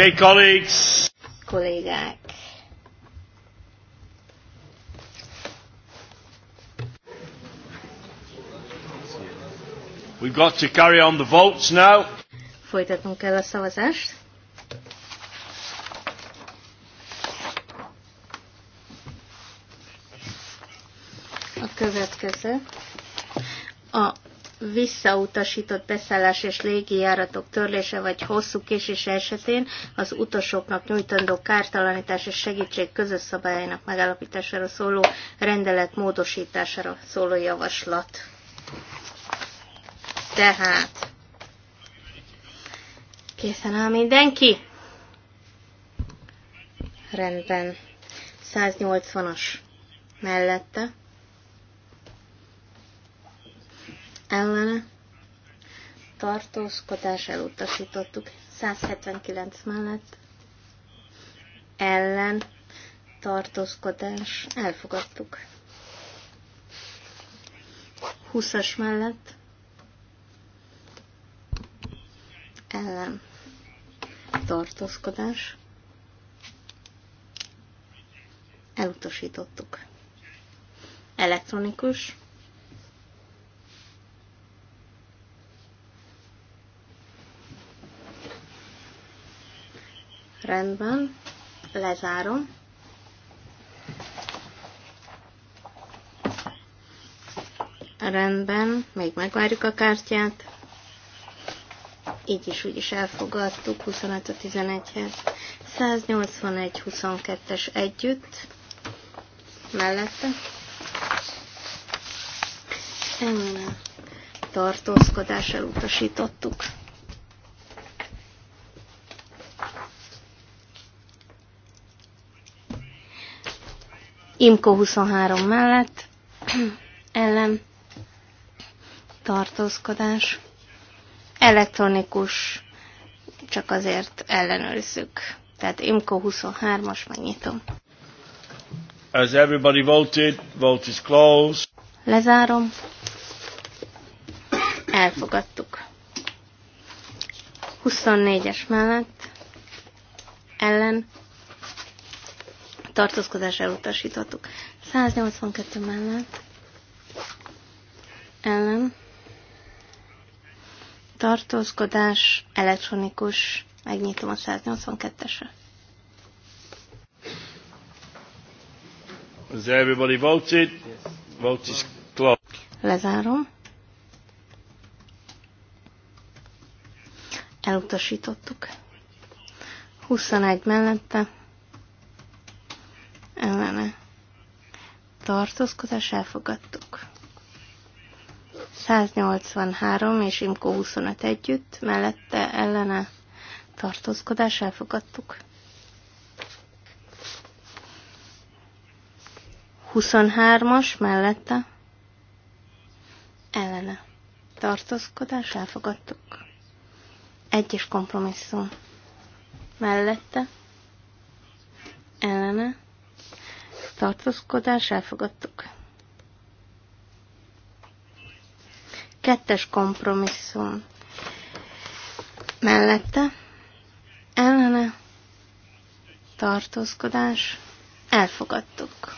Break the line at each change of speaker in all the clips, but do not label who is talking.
Okay, colleagues.
Kollégák.
We've got to carry on the votes now.
Folytatnunk kell a szavazást. A következő. A visszautasított beszállás és légijáratok törlése vagy hosszú késés esetén az utasoknak nyújtandó kártalanítás és segítség közös szabályainak megállapítására szóló rendelet módosítására szóló javaslat. Tehát készen áll mindenki? Rendben. 180-as mellette ellene tartózkodás elutasítottuk. 179 mellett ellen tartózkodás elfogadtuk. 20-as mellett ellen tartózkodás elutasítottuk. Elektronikus Rendben, lezárom. Rendben, még megvárjuk a kártyát. Így is, úgy is elfogadtuk 25 a 11-hez. 181-22-es együtt. Mellette. Ennyi tartózkodás elutasítottuk. Imko 23 mellett ellen tartózkodás. Elektronikus, csak azért ellenőrizzük. Tehát Imko 23-as megnyitom.
As everybody voted, vote is closed.
Lezárom. Elfogadtuk. 24-es mellett ellen tartózkodás elutasítottuk. 182 mellett ellen tartózkodás elektronikus, megnyitom a 182-esre.
Is everybody voted? Yes. Vote is closed. Lezárom.
Elutasítottuk. 21 mellette ellene tartózkodás elfogadtuk. 183 és Imko 25 együtt, mellette ellene tartózkodás elfogadtuk. 23-as mellette ellene tartózkodás elfogadtuk. Egyes kompromisszum mellette ellene tartózkodás, elfogadtuk. Kettes kompromisszum. Mellette, ellene, tartózkodás, elfogadtuk.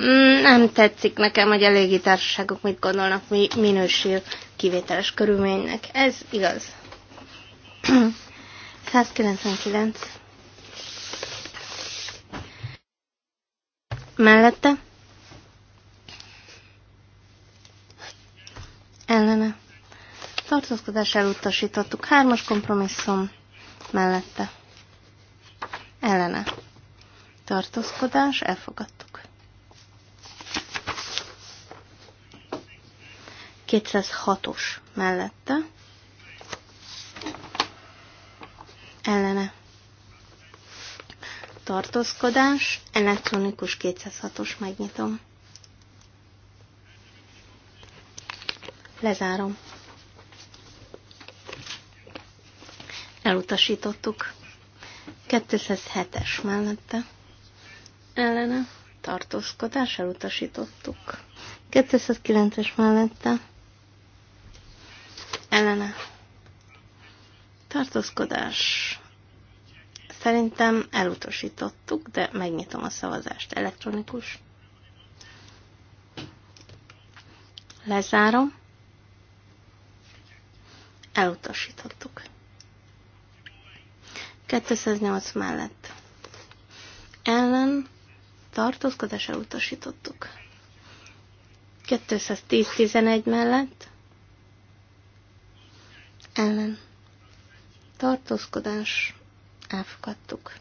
Mm, nem tetszik nekem, hogy a légitársaságok mit gondolnak, mi minősül kivételes körülménynek. Ez igaz. 199. Mellette. Ellene. Tartózkodás elutasítottuk. Hármas kompromisszum. Mellette. Ellene. Tartózkodás elfogadtuk. 206-os mellette. Ellene tartózkodás, elektronikus 206-os megnyitom. Lezárom. Elutasítottuk. 207-es mellette. Ellene tartózkodás elutasítottuk. 209-es mellette. Ellene tartózkodás Szerintem elutasítottuk, de megnyitom a szavazást. Elektronikus. Lezárom. Elutasítottuk. 208 mellett. Ellen tartózkodás elutasítottuk. 210-11 mellett. Ellen tartózkodás Elfogadtuk.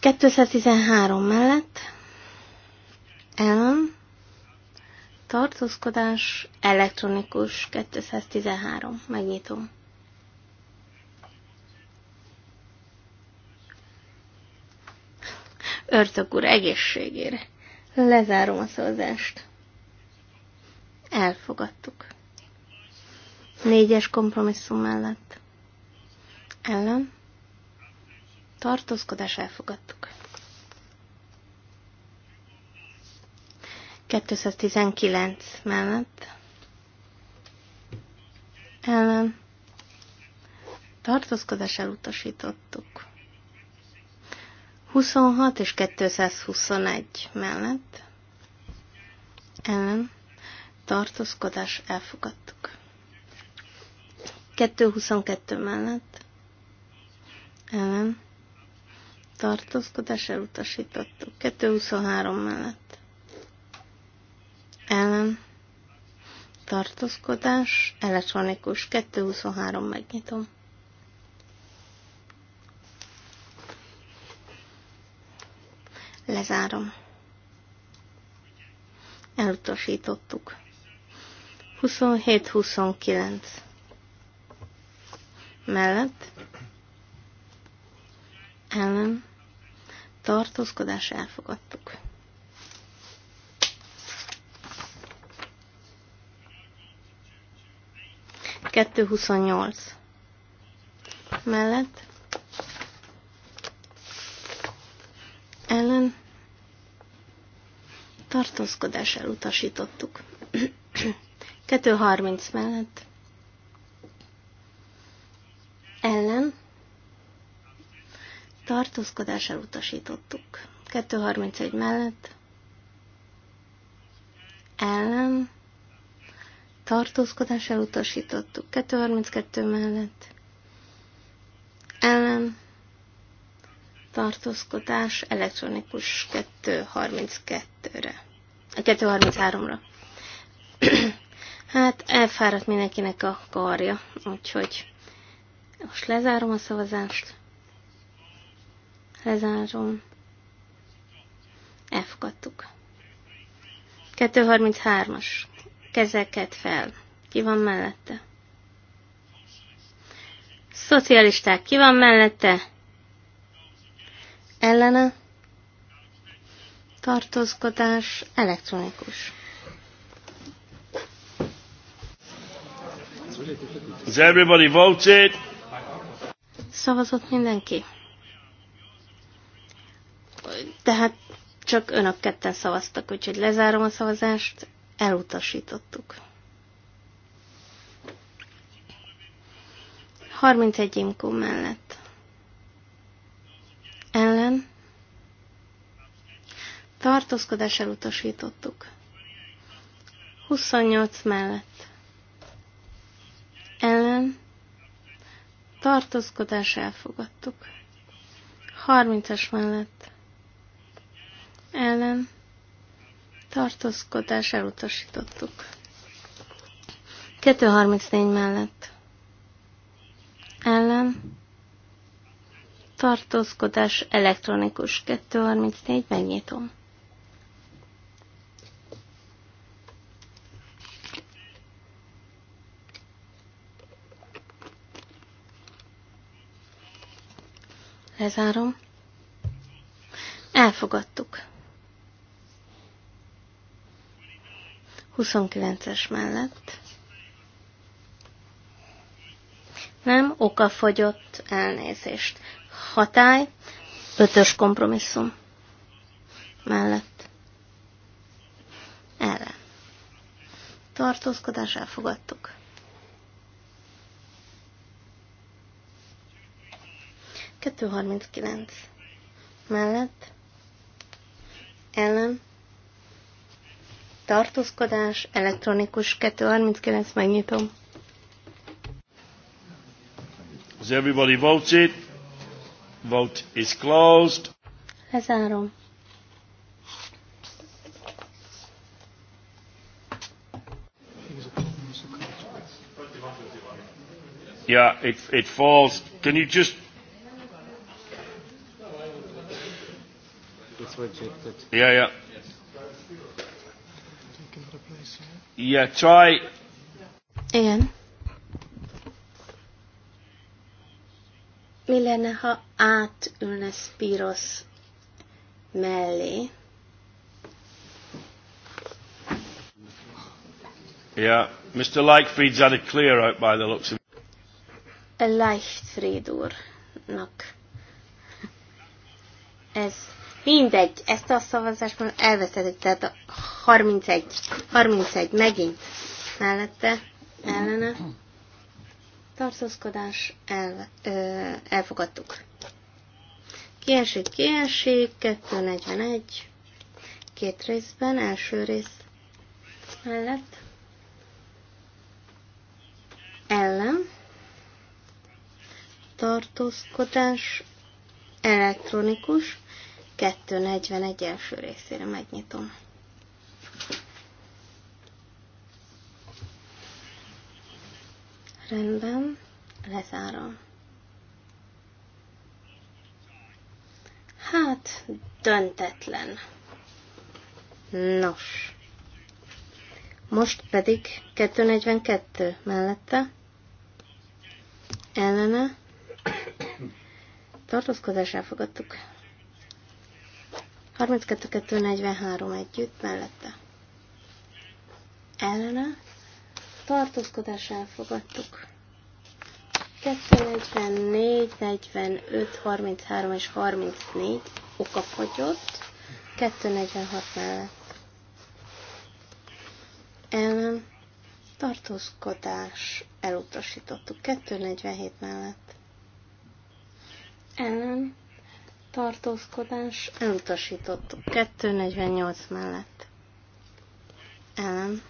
213 mellett ellen tartózkodás elektronikus 213. Megnyitom. Örtök úr egészségére. Lezárom a szózást. Elfogadtuk. Négyes kompromisszum mellett. Ellen. Tartózkodás elfogadtuk. 219 mellett. Ellen. Tartózkodás elutasítottuk. 26 és 221 mellett. Ellen. Tartózkodás elfogadtuk. 222 mellett ellen tartózkodás elutasítottuk. 223 mellett ellen tartózkodás elektronikus. 223 megnyitom. Lezárom. Elutasítottuk. 27-29 mellett ellen tartózkodás elfogadtuk. Kettő huszonnyolc mellett ellen tartózkodás elutasítottuk. harminc mellett ellen tartózkodás elutasítottuk. 231 mellett ellen tartózkodás elutasítottuk. 232 mellett ellen tartózkodás elektronikus 232-re. A 233-ra. hát elfáradt mindenkinek a karja, úgyhogy most lezárom a szavazást. Lezárom. Elfogadtuk. 233-as. Kezeket fel. Ki van mellette? Szocialisták, ki van mellette? Ellene? Tartózkodás elektronikus.
Is everybody voted?
Szavazott mindenki? Tehát csak önök ketten szavaztak, úgyhogy lezárom a szavazást, elutasítottuk. 31 imkó mellett. Ellen. Tartózkodás elutasítottuk. 28 mellett. tartózkodás elfogadtuk. 30-as mellett ellen tartózkodás elutasítottuk. 234 mellett ellen tartózkodás elektronikus 234 megnyitom. Lezárom. Elfogadtuk. 29-es mellett. Nem, oka fogyott, elnézést. Hatály, ötös kompromisszum mellett. Ellen. Tartózkodás elfogadtuk. 239 mellett ellen tartózkodás, elektronikus 239, megnyitom.
Is everybody votes it? Vote is closed.
Lezárom.
Yeah, it, it falls. Can you just
rejected. Yeah, yeah.
Yeah, try.
Igen. Mi lenne, ha átülne Spiros mellé?
Yeah, Mr. Lightfried's had a clear out by the looks of
Lightfried úrnak. Ez Mindegy, ezt a szavazást már elvesztettük, tehát a 31, 31 megint mellette, ellene. Tartózkodás el, ö, elfogadtuk. Kiesik, kiesik, 241, két részben, első rész mellett, ellen, tartózkodás, elektronikus, 241 első részére megnyitom. Rendben, lezárom. Hát, döntetlen. Nos. Most pedig 242 mellette ellene tartózkodás elfogadtuk. 32-243 együtt mellette. Ellene tartózkodás elfogadtuk. 244, 45, 33 és 34 okafogyott, 246 mellett. Ellen tartózkodás elutasítottuk, 247 mellett. Ellen tartózkodás elutasított 248 mellett. Ellen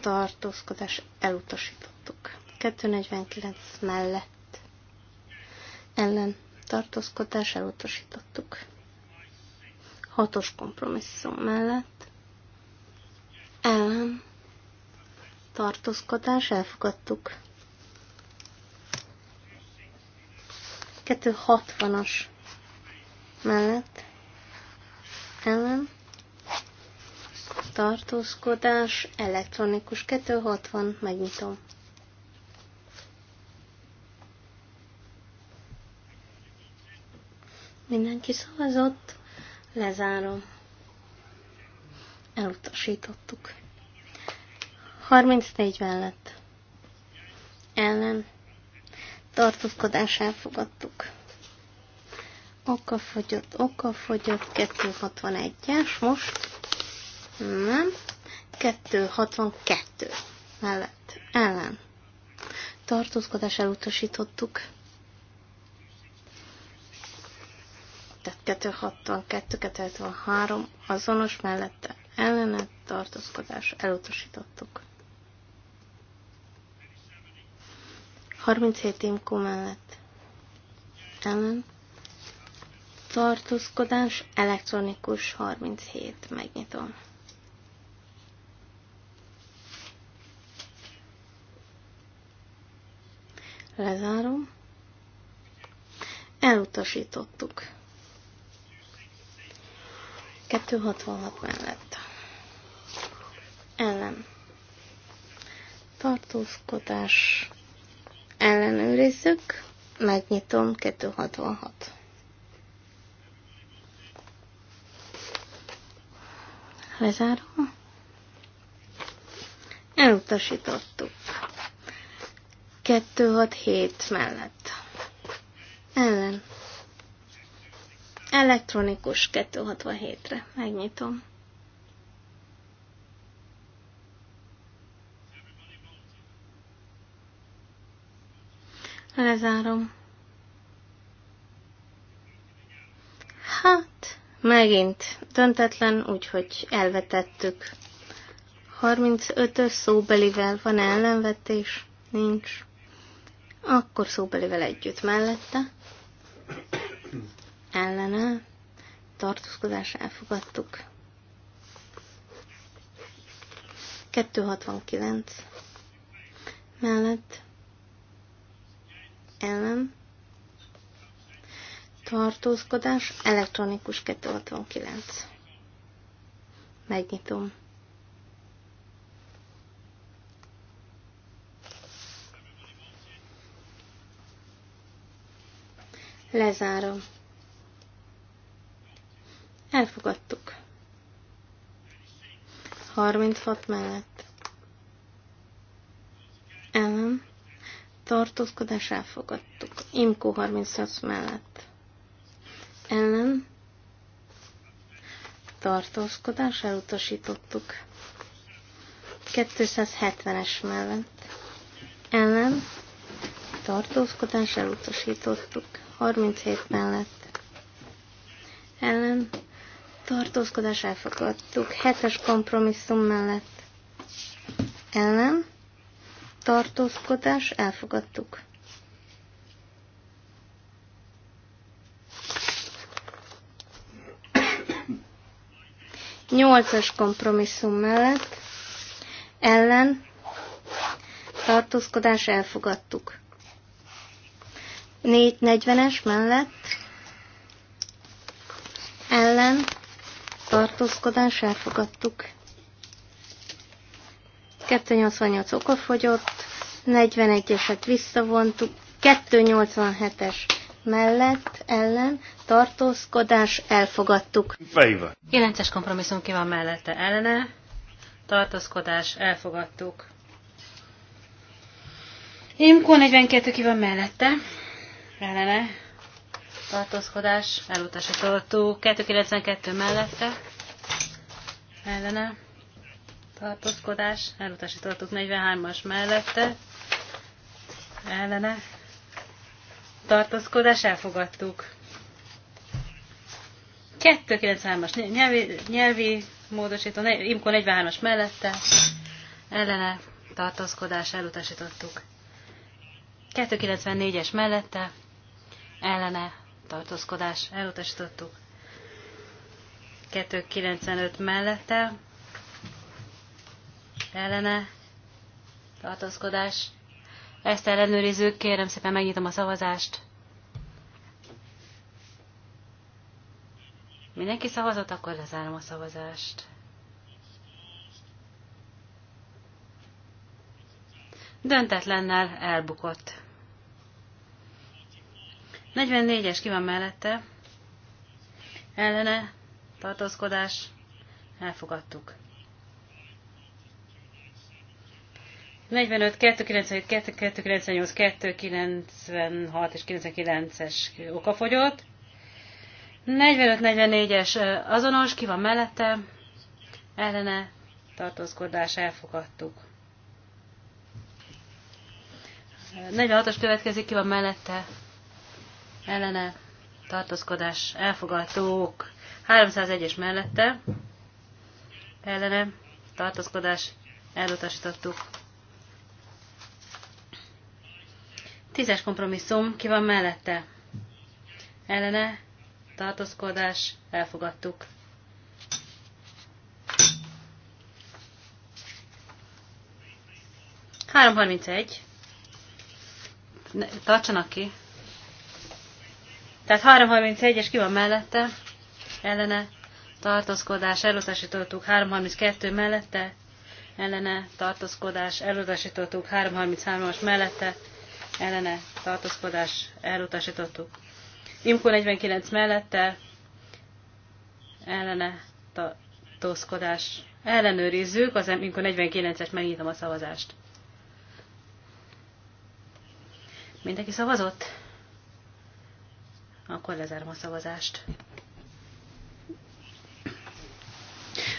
tartózkodás elutasítottuk 249 mellett. Ellen tartózkodás elutasítottuk. Hatos kompromisszum mellett. Ellen tartózkodás elfogadtuk. 260-as mellett ellen tartózkodás elektronikus 260 megnyitom. Mindenki szavazott, lezárom. Elutasítottuk. 34 mellett. Ellen. Tartózkodás elfogadtuk okafogyott, okafogyott, 261-es most, nem, 262 mellett, ellen. Tartózkodás elutasítottuk. Tehát 262, 273 azonos mellette ellene tartózkodás elutasítottuk. 37 imkó mellett ellen tartózkodás, elektronikus 37, megnyitom. Lezárom. Elutasítottuk. 266 mellett. Ellen. Tartózkodás ellenőrizzük. Megnyitom 266. lezárva. Elutasítottuk. 267 mellett. Ellen. Elektronikus 267-re. Megnyitom. Lezárom. Megint döntetlen, úgyhogy elvetettük. 35-ös szóbelivel van ellenvetés? Nincs. Akkor szóbelivel együtt mellette. Ellene. Tartózkodás elfogadtuk. 269 mellett ellen tartózkodás, elektronikus 269. Megnyitom. Lezárom. Elfogadtuk. 36 mellett. Ellen. Tartózkodás elfogadtuk. Imkó 36 mellett ellen tartózkodás elutasítottuk. 270-es mellett ellen tartózkodás elutasítottuk. 37 mellett ellen tartózkodás elfogadtuk. 7-es kompromisszum mellett ellen tartózkodás elfogadtuk. 8-as kompromisszum mellett ellen tartózkodás elfogadtuk. 440-es mellett ellen tartózkodás elfogadtuk. 288 okafogyott, 41-eset visszavontuk, 287-es mellett ellen
tartózkodás elfogadtuk. Fejve. 9-es kompromisszum ki van mellette ellene tartózkodás elfogadtuk. Imkó 42 ki van mellette ellene tartózkodás elutasítottuk. 292 mellette ellene tartózkodás elutasítottuk. 43-as mellette ellene tartózkodás elfogadtuk. 293-as nyelvi, nyelvi módosító, IMKO 43-as mellette ellene tartózkodás elutasítottuk. 294-es mellette ellene tartózkodás elutasítottuk. 295 mellette ellene tartózkodás ezt ellenőrizzük, kérem szépen megnyitom a szavazást. Mindenki szavazott, akkor lezárom a szavazást. Döntetlennel elbukott. 44-es ki van mellette. Ellene tartózkodás. Elfogadtuk. 45, 297, 298, 296 és 99-es okafogyott. 45-44-es azonos, ki van mellette, ellene tartózkodás elfogadtuk. 46-os következik, ki van mellette, ellene tartózkodás elfogadtuk. 301-es mellette, ellene tartózkodás elutasítottuk. Tízes kompromisszum, ki van mellette? Ellene, tartózkodás, elfogadtuk. Három harmincegy. Tartsanak ki. Tehát 331 és ki van mellette? Ellene, tartózkodás, elutasítottuk 332 mellette, ellene, tartózkodás, elutasítottuk 333-as mellette, ellene tartózkodás elutasítottuk. Imko 49 mellette ellene tartózkodás ellenőrizzük, az Imko 49 et megnyitom a szavazást. Mindenki szavazott? Akkor lezárom a szavazást.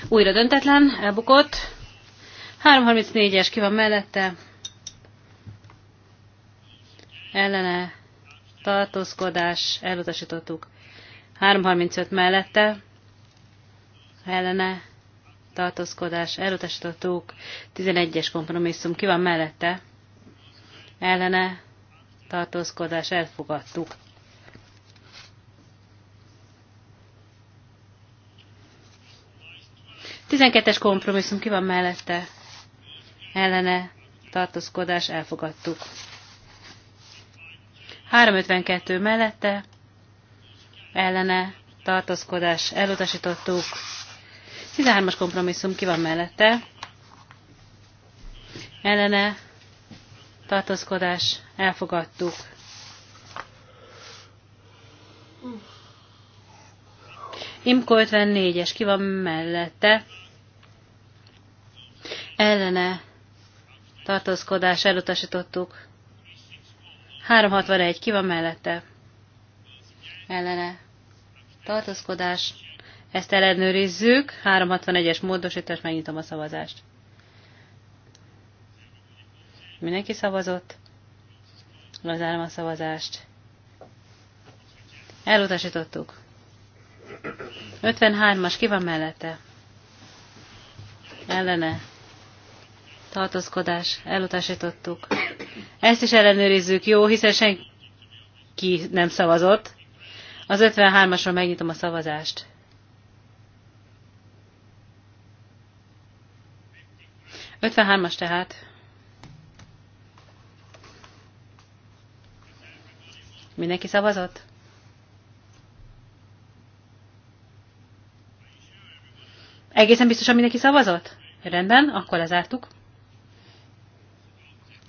Újra döntetlen, elbukott. 334-es ki van mellette, ellene tartózkodás elutasítottuk. 335 mellette ellene tartózkodás elutasítottuk. 11-es kompromisszum ki van mellette ellene tartózkodás elfogadtuk. Tizenkettes kompromisszum ki van mellette? Ellene tartózkodás elfogadtuk. 352 mellette ellene tartózkodás elutasítottuk. 13-as kompromisszum ki van mellette. Ellene tartózkodás elfogadtuk. Imko 54-es ki van mellette. Ellene tartózkodás elutasítottuk. 361 ki van mellette? Ellene. Tartózkodás. Ezt ellenőrizzük. 361-es módosítás, megnyitom a szavazást. Mindenki szavazott? Lezárom a szavazást. Elutasítottuk. 53-as, ki van mellette? Ellene. Tartózkodás, elutasítottuk. Ezt is ellenőrizzük, jó, hiszen senki nem szavazott. Az 53-asról megnyitom a szavazást. Ötvenhármas tehát. Mindenki szavazott? Egészen biztosan mindenki szavazott? Rendben, akkor lezártuk.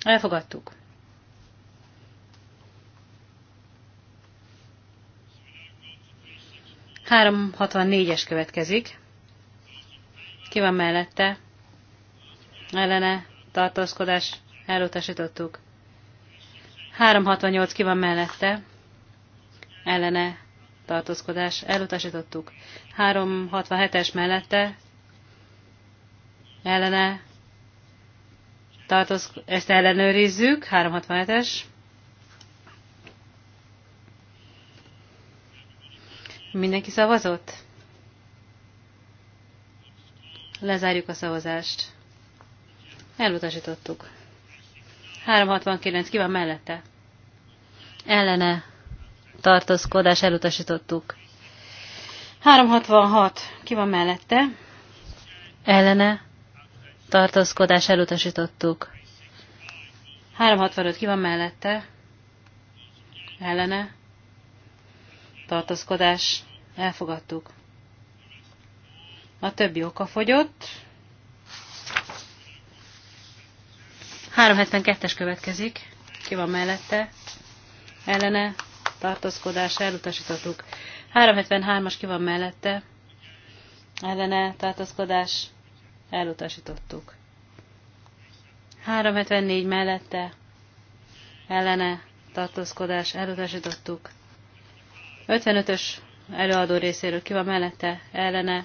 Elfogadtuk. 364-es következik. Ki van mellette? Ellene tartózkodás elutasítottuk. 368 ki van mellette? Ellene tartózkodás elutasítottuk. 367-es mellette? Ellene tartózkodás, ezt ellenőrizzük, 367-es. Mindenki szavazott? Lezárjuk a szavazást. Elutasítottuk. 369, ki van mellette? Ellene tartózkodás elutasítottuk. 366, ki van mellette? Ellene tartózkodás elutasítottuk. 365, ki van mellette? Ellene tartózkodás elfogadtuk. A többi oka fogyott. 372-es következik. Ki van mellette? Ellene tartózkodás elutasítottuk. 373-as ki van mellette? Ellene tartózkodás elutasítottuk. 374 mellette ellene tartózkodás elutasítottuk. 55-ös előadó részéről ki van mellette, ellene,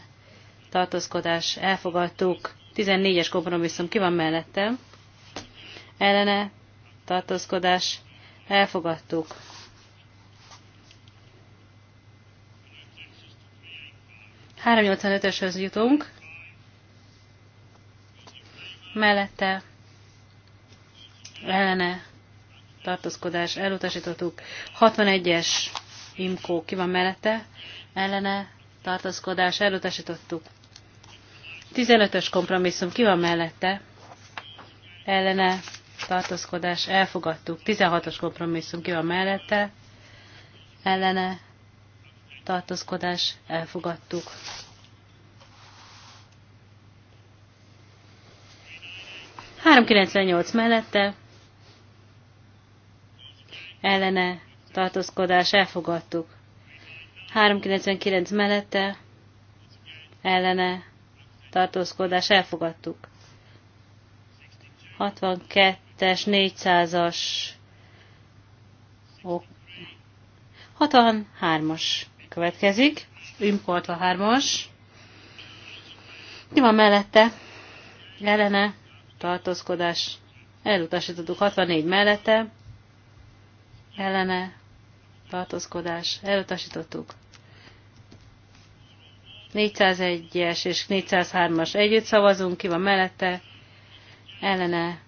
tartózkodás, elfogadtuk. 14-es kompromisszum ki van mellette, ellene, tartózkodás, elfogadtuk. ös jutunk, mellette, ellene, tartózkodás, elutasítottuk. 61-es Imkó ki van mellette, ellene tartaszkodás, elutasítottuk. 15-ös kompromisszum ki van mellette, ellene tartaszkodás, elfogadtuk. 16-os kompromisszum ki van mellette, ellene tartaszkodás, elfogadtuk. Három mellette, ellene tartózkodás elfogadtuk. 399 mellette ellene tartózkodás elfogadtuk. 62-es, 400-as, 63-as következik, import 3-as. Mi van mellette? Ellene tartózkodás elutasítottuk 64 mellette, ellene tartózkodás, elutasítottuk. 401-es és 403-as együtt szavazunk, ki van mellette, ellene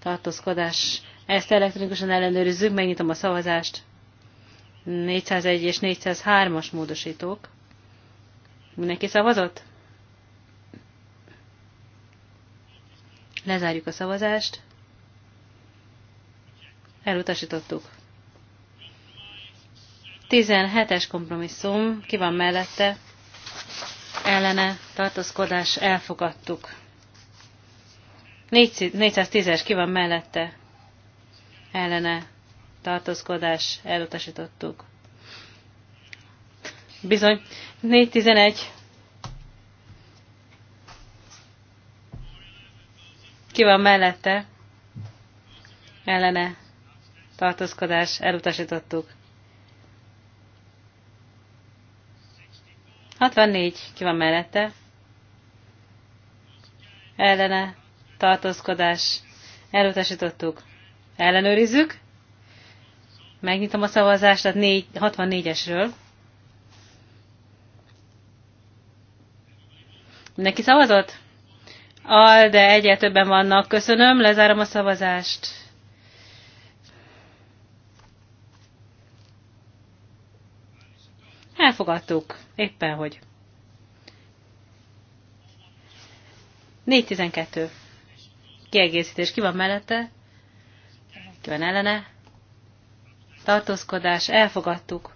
tartózkodás. Ezt elektronikusan ellenőrizzük, megnyitom a szavazást. 401 és 403-as módosítók. Mindenki szavazott? Lezárjuk a szavazást. Elutasítottuk. 17-es kompromisszum, ki van mellette, ellene tartózkodás elfogadtuk. 410-es ki van mellette, ellene tartózkodás elutasítottuk. Bizony, 411 ki van mellette, ellene tartózkodás elutasítottuk. 64, ki van mellette? Ellene, tartózkodás, elutasítottuk. Ellenőrizzük. Megnyitom a szavazást a 64-esről. Neki szavazott? Al, de egyre többen vannak. Köszönöm, lezárom a szavazást. Elfogadtuk. Éppen hogy. 4.12. Kiegészítés. Ki van mellette? Ki van ellene? Tartózkodás. Elfogadtuk.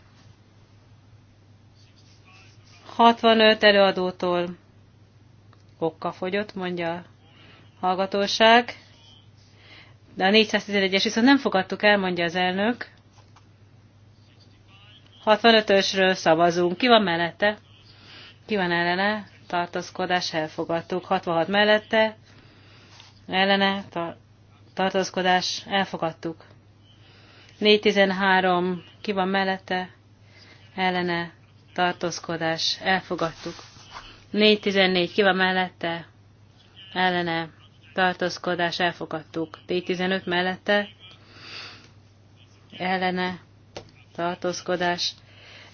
65 előadótól okka fogyott, mondja a hallgatóság. De a 411-es viszont nem fogadtuk el, mondja az elnök. 65-ösről szavazunk. Ki van mellette? Ki van ellene? Tartózkodás elfogadtuk. 66 mellette? Ellene? Tar tartózkodás elfogadtuk. 413 ki van mellette? Ellene? Tartózkodás elfogadtuk. 414 ki van mellette? Ellene? Tartózkodás elfogadtuk. 415 mellette? Ellene? tartózkodás.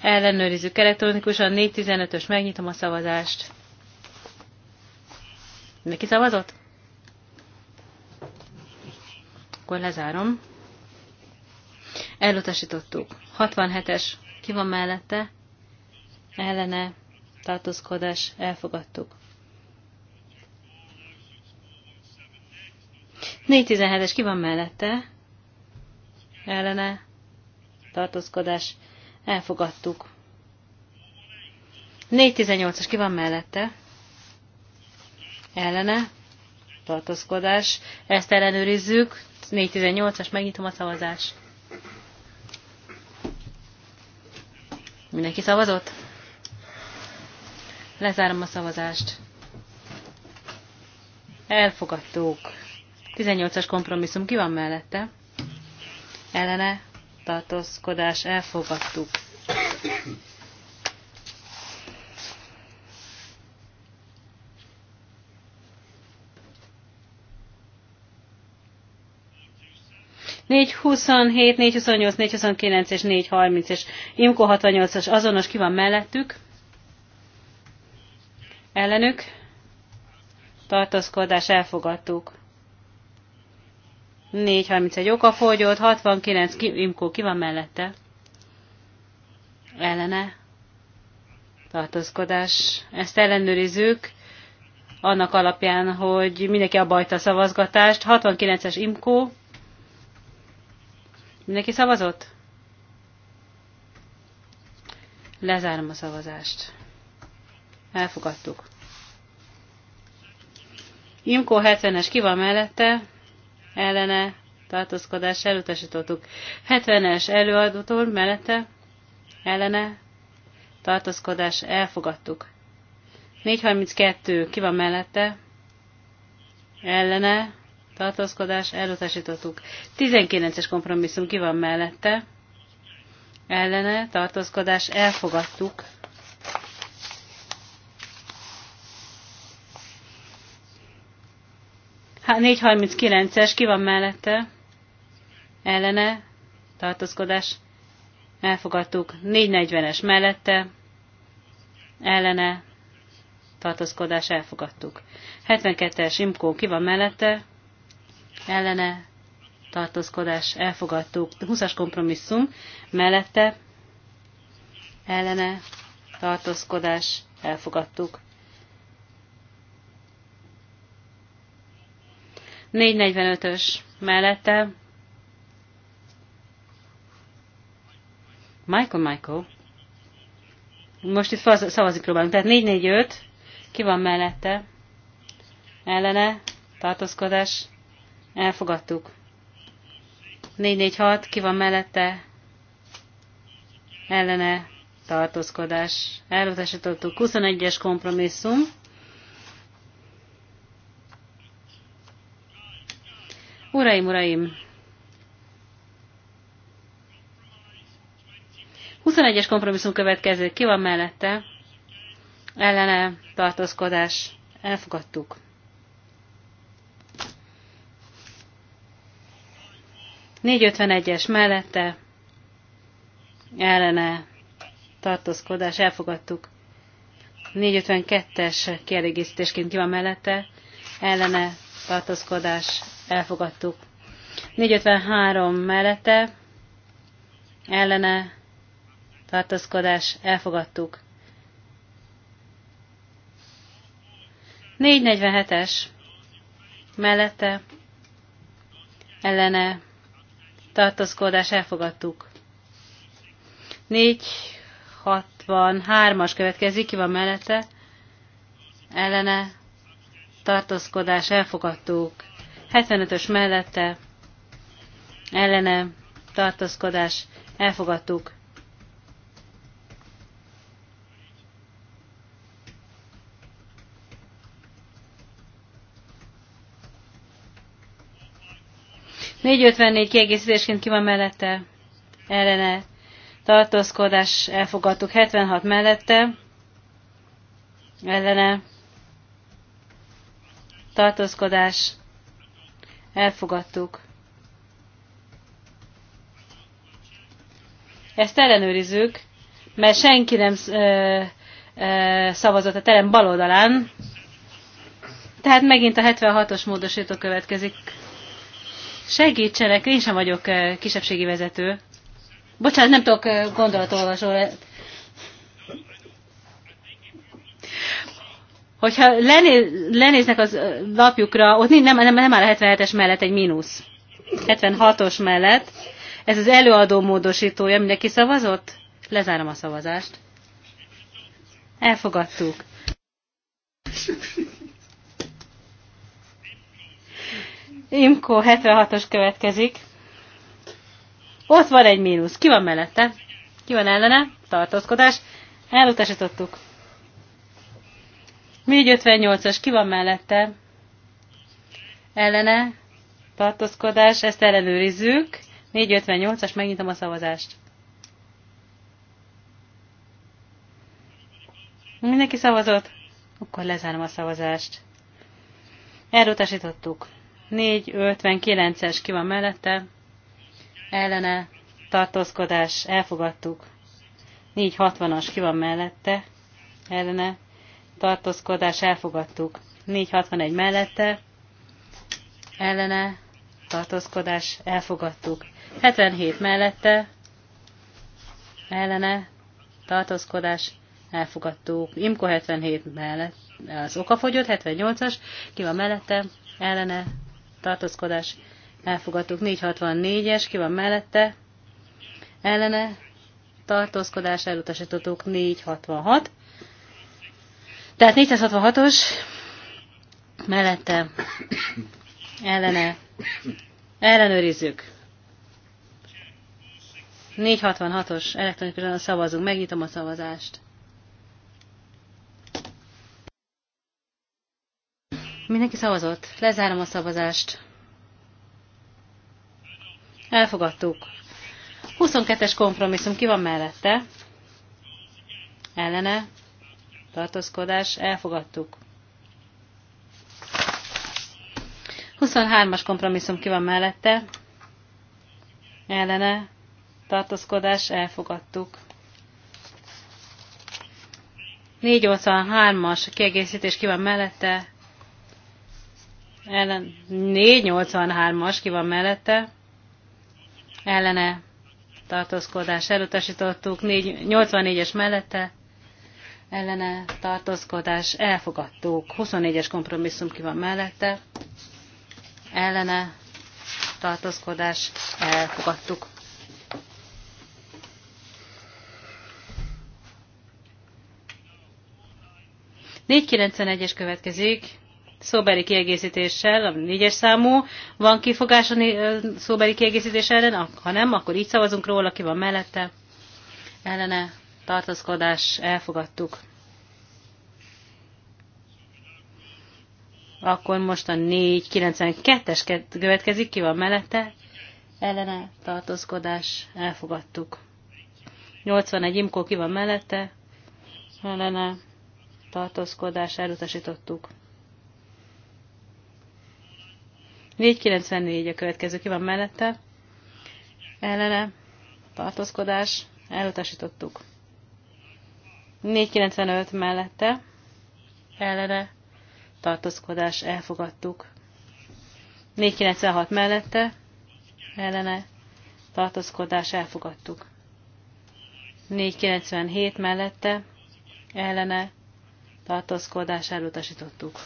Ellenőrizzük elektronikusan, 415-ös, megnyitom a szavazást. Mindenki szavazott? Akkor lezárom. Elutasítottuk. 67-es, ki van mellette? Ellene, tartózkodás, elfogadtuk. 417-es, ki van mellette? Ellene, tartózkodás, elfogadtuk. 418-as ki van mellette? Ellene, tartózkodás, ezt ellenőrizzük, 418-as, megnyitom a szavazást. Mindenki szavazott? Lezárom a szavazást. Elfogadtuk. 18-as kompromisszum ki van mellette? Ellene tartózkodás elfogadtuk. Négy 27, 4 28, 4 29 és 4 30 és Imko 68-as azonos ki van mellettük. Ellenük. Tartózkodás elfogadtuk. 431 fogyott, 69 ki, imkó ki van mellette. Ellene. Tartozkodás. Ezt ellenőrizzük annak alapján, hogy mindenki abbajta a szavazgatást. 69-es imkó. Mindenki szavazott? Lezárom a szavazást. Elfogadtuk. Imkó 70-es ki van mellette? ellene tartózkodás elutasítottuk. 70-es előadótól mellette ellene tartózkodás elfogadtuk. 432 ki van mellette ellene tartózkodás elutasítottuk. 19-es kompromisszum ki van mellette ellene tartózkodás elfogadtuk. 439-es, ki van mellette? Ellene, tartózkodás, elfogadtuk. 440-es mellette, ellene, tartózkodás, elfogadtuk. 72-es Imkó, ki van mellette? Ellene, tartózkodás, elfogadtuk. 20-as kompromisszum, mellette, ellene, tartózkodás, elfogadtuk. 445-ös mellette. Michael, Michael. Most itt szavazni próbálunk. Tehát 445, ki van mellette? Ellene, tartózkodás, elfogadtuk. 446, ki van mellette? Ellene, tartózkodás, elutasítottuk. 21-es kompromisszum Uraim, uraim! 21-es kompromisszum következő. Ki van mellette? Ellene tartózkodás. Elfogadtuk. Négy mellette ellene tartózkodás, elfogadtuk. 452-es kielégítésként ki van mellette, ellene tartózkodás, elfogadtuk. 453 mellette ellene tartozkodás elfogadtuk. 447-es mellette ellene tartozkodás elfogadtuk. 463-as következik, ki van mellette, ellene tartózkodás elfogadtuk. 75-ös mellette ellene tartózkodás elfogadtuk. Négy kiegészítésként ki van mellette, ellene tartózkodás elfogadtuk 76 mellette, ellene tartózkodás Elfogadtuk. Ezt ellenőrizzük, mert senki nem ö, ö, szavazott a terem bal oldalán. Tehát megint a 76-os módosító következik. Segítsenek, én sem vagyok kisebbségi vezető. Bocsánat, nem tudok gondolatolvasó hogyha lenéz, lenéznek az lapjukra, ott nem, nem, nem áll a 77-es mellett egy mínusz. 76-os mellett. Ez az előadó módosítója. Mindenki szavazott? Lezárom a szavazást. Elfogadtuk. Imko 76-os következik. Ott van egy mínusz. Ki van mellette? Ki van ellene? Tartózkodás. Elutasítottuk. 458-as ki van mellette? Ellene? Tartózkodás, ezt ellenőrizzük. 458-as, megnyitom a szavazást. Mindenki szavazott? Akkor lezárom a szavazást. Elutasítottuk. 459-es ki van mellette? Ellene? Tartózkodás, elfogadtuk. 460-as ki van mellette? Ellene? tartózkodás elfogadtuk. 461 mellette ellene tartózkodás elfogadtuk. 77 mellette ellene tartózkodás elfogadtuk. Imko 77 mellett az okafogyott, 78-as, ki van mellette, ellene tartózkodás elfogadtuk. 464-es, ki van mellette, ellene tartózkodás elutasítottuk. 466 tehát 466-os mellette ellene ellenőrizzük. 466-os elektronikusan szavazunk. Megnyitom a szavazást. Mindenki szavazott. Lezárom a szavazást. Elfogadtuk. 22-es kompromisszum. Ki van mellette? Ellene tartózkodás, elfogadtuk. 23-as kompromisszum ki van mellette, ellene, tartózkodás, elfogadtuk. 483-as kiegészítés ki van mellette, ellen, 483-as ki van mellette, ellene tartózkodás elutasítottuk, 484 84-es mellette, ellene tartózkodás elfogadtuk. 24-es kompromisszum ki van mellette, ellene tartózkodás elfogadtuk. es következik, szóbeli kiegészítéssel, a négyes számú. Van kifogás a szóbeli kiegészítés ellen? Ha nem, akkor így szavazunk róla, ki van mellette, ellene tartózkodás elfogadtuk. Akkor most a 492-es következik, ki van mellette? Ellene tartózkodás elfogadtuk. 81 imkó ki van mellette? Ellene tartózkodás elutasítottuk. 494 a következő, ki van mellette? Ellene tartózkodás elutasítottuk. 495 mellette ellene tartózkodás elfogadtuk. 496 mellette ellene tartózkodás elfogadtuk. 497 mellette ellene tartózkodás elutasítottuk.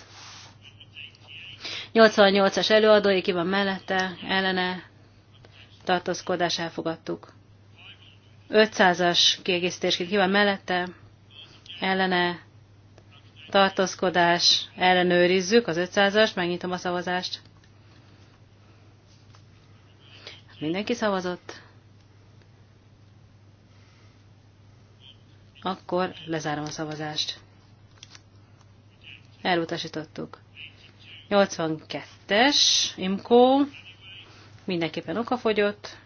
88-as előadói ki van mellette, ellene tartózkodás elfogadtuk. 500-as kiegészítés ki van mellette, ellene tartózkodás, ellenőrizzük az 500-as, megnyitom a szavazást. Mindenki szavazott? Akkor lezárom a szavazást. Elutasítottuk. 82-es, Imkó, mindenképpen okafogyott.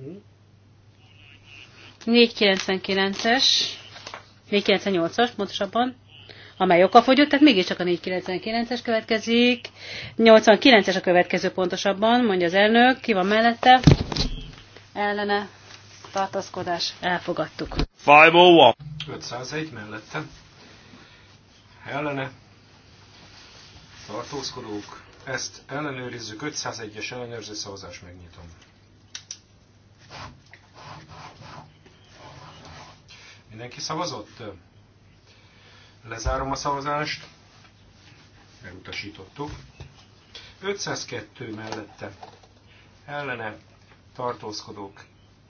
Mm-hmm. 499-es, 498-as pontosabban, amely okafogyott, tehát mégiscsak a 499-es következik. 89-es a következő pontosabban, mondja az elnök, ki van mellette? Ellene tartaszkodás, elfogadtuk.
501. 501 mellette. Ellene tartózkodók, ezt ellenőrizzük, 501-es ellenőrző szavazás megnyitom. Mindenki szavazott? Lezárom a szavazást. Elutasítottuk. 502 mellette ellene tartózkodók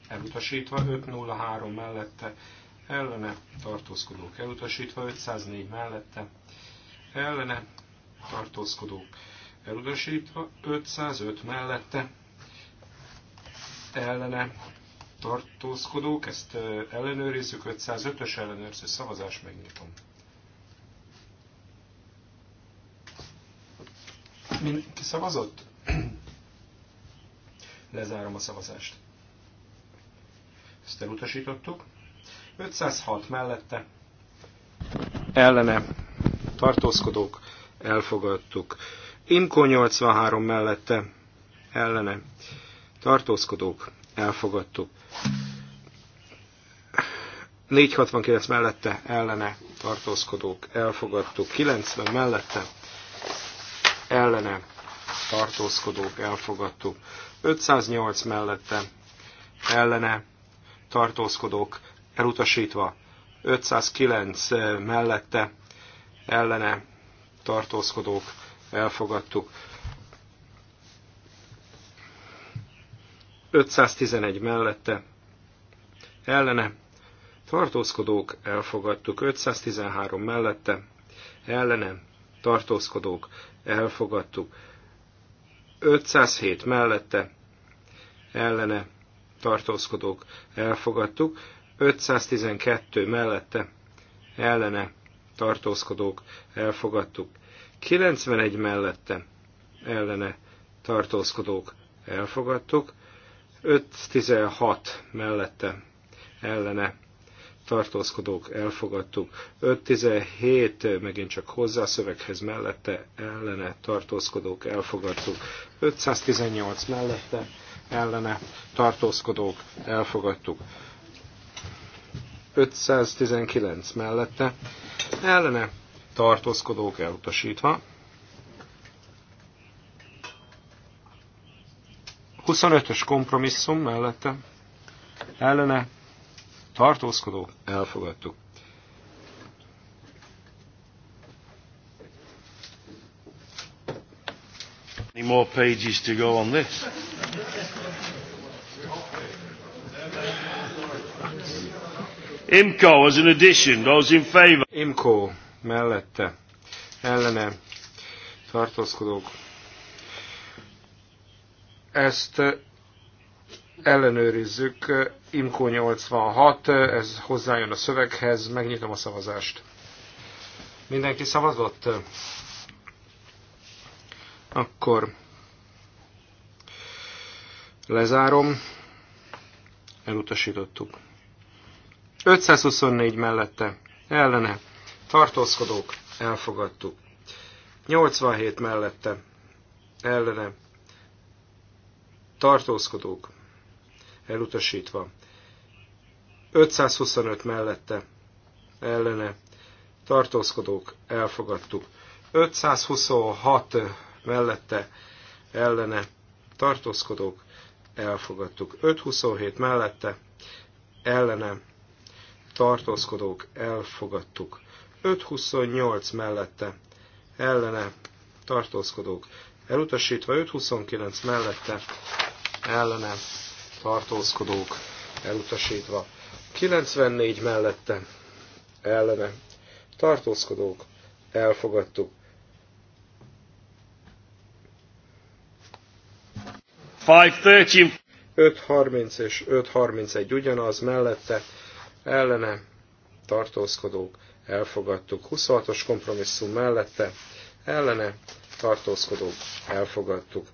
elutasítva, 503 mellette ellene tartózkodók elutasítva, 504 mellette ellene tartózkodók elutasítva, 505 mellette ellene tartózkodók, ezt ellenőrizzük, 505-ös ellenőrző szavazás, megnyitom. Mindenki szavazott? Lezárom a szavazást. Ezt elutasítottuk. 506 mellette. Ellene. Tartózkodók. Elfogadtuk. Imko 83 mellette. Ellene. Tartózkodók elfogadtuk. 469 mellette ellene tartózkodók elfogadtuk, 90 mellette ellene tartózkodók elfogadtuk, 508 mellette ellene tartózkodók elutasítva, 509 mellette ellene tartózkodók elfogadtuk, 511 mellette ellene tartózkodók elfogadtuk, 513 mellette ellene tartózkodók elfogadtuk, 507 mellette ellene tartózkodók elfogadtuk, 512 mellette ellene tartózkodók elfogadtuk, 91 mellette ellene tartózkodók elfogadtuk, 5.16 mellette ellene tartózkodók elfogadtuk. 5.17 megint csak hozzá szöveghez mellette ellene tartózkodók elfogadtuk. 518 mellette ellene tartózkodók elfogadtuk. 519 mellette ellene tartózkodók elutasítva. 25-ös kompromisszum mellette ellene tartózkodó elfogadtuk.
Any more pages to go on this? IMCO as an addition, those in favour. IMCO mellette ellene tartózkodók
ezt ellenőrizzük. Imko 86, ez hozzájön a szöveghez, megnyitom a szavazást. Mindenki szavazott? Akkor lezárom. Elutasítottuk. 524 mellette, ellene, tartózkodók, elfogadtuk. 87 mellette, ellene, tartózkodók elutasítva. 525 mellette ellene tartózkodók elfogadtuk. 526 mellette ellene tartózkodók elfogadtuk. 527 mellette ellene tartózkodók elfogadtuk. 528 mellette ellene tartózkodók elutasítva, 529 mellette ellene tartózkodók elutasítva. 94 mellette ellene tartózkodók elfogadtuk. Five 5.30 és 5.31 ugyanaz, mellette ellene tartózkodók elfogadtuk. 26-os kompromisszum mellette ellene tartózkodók elfogadtuk.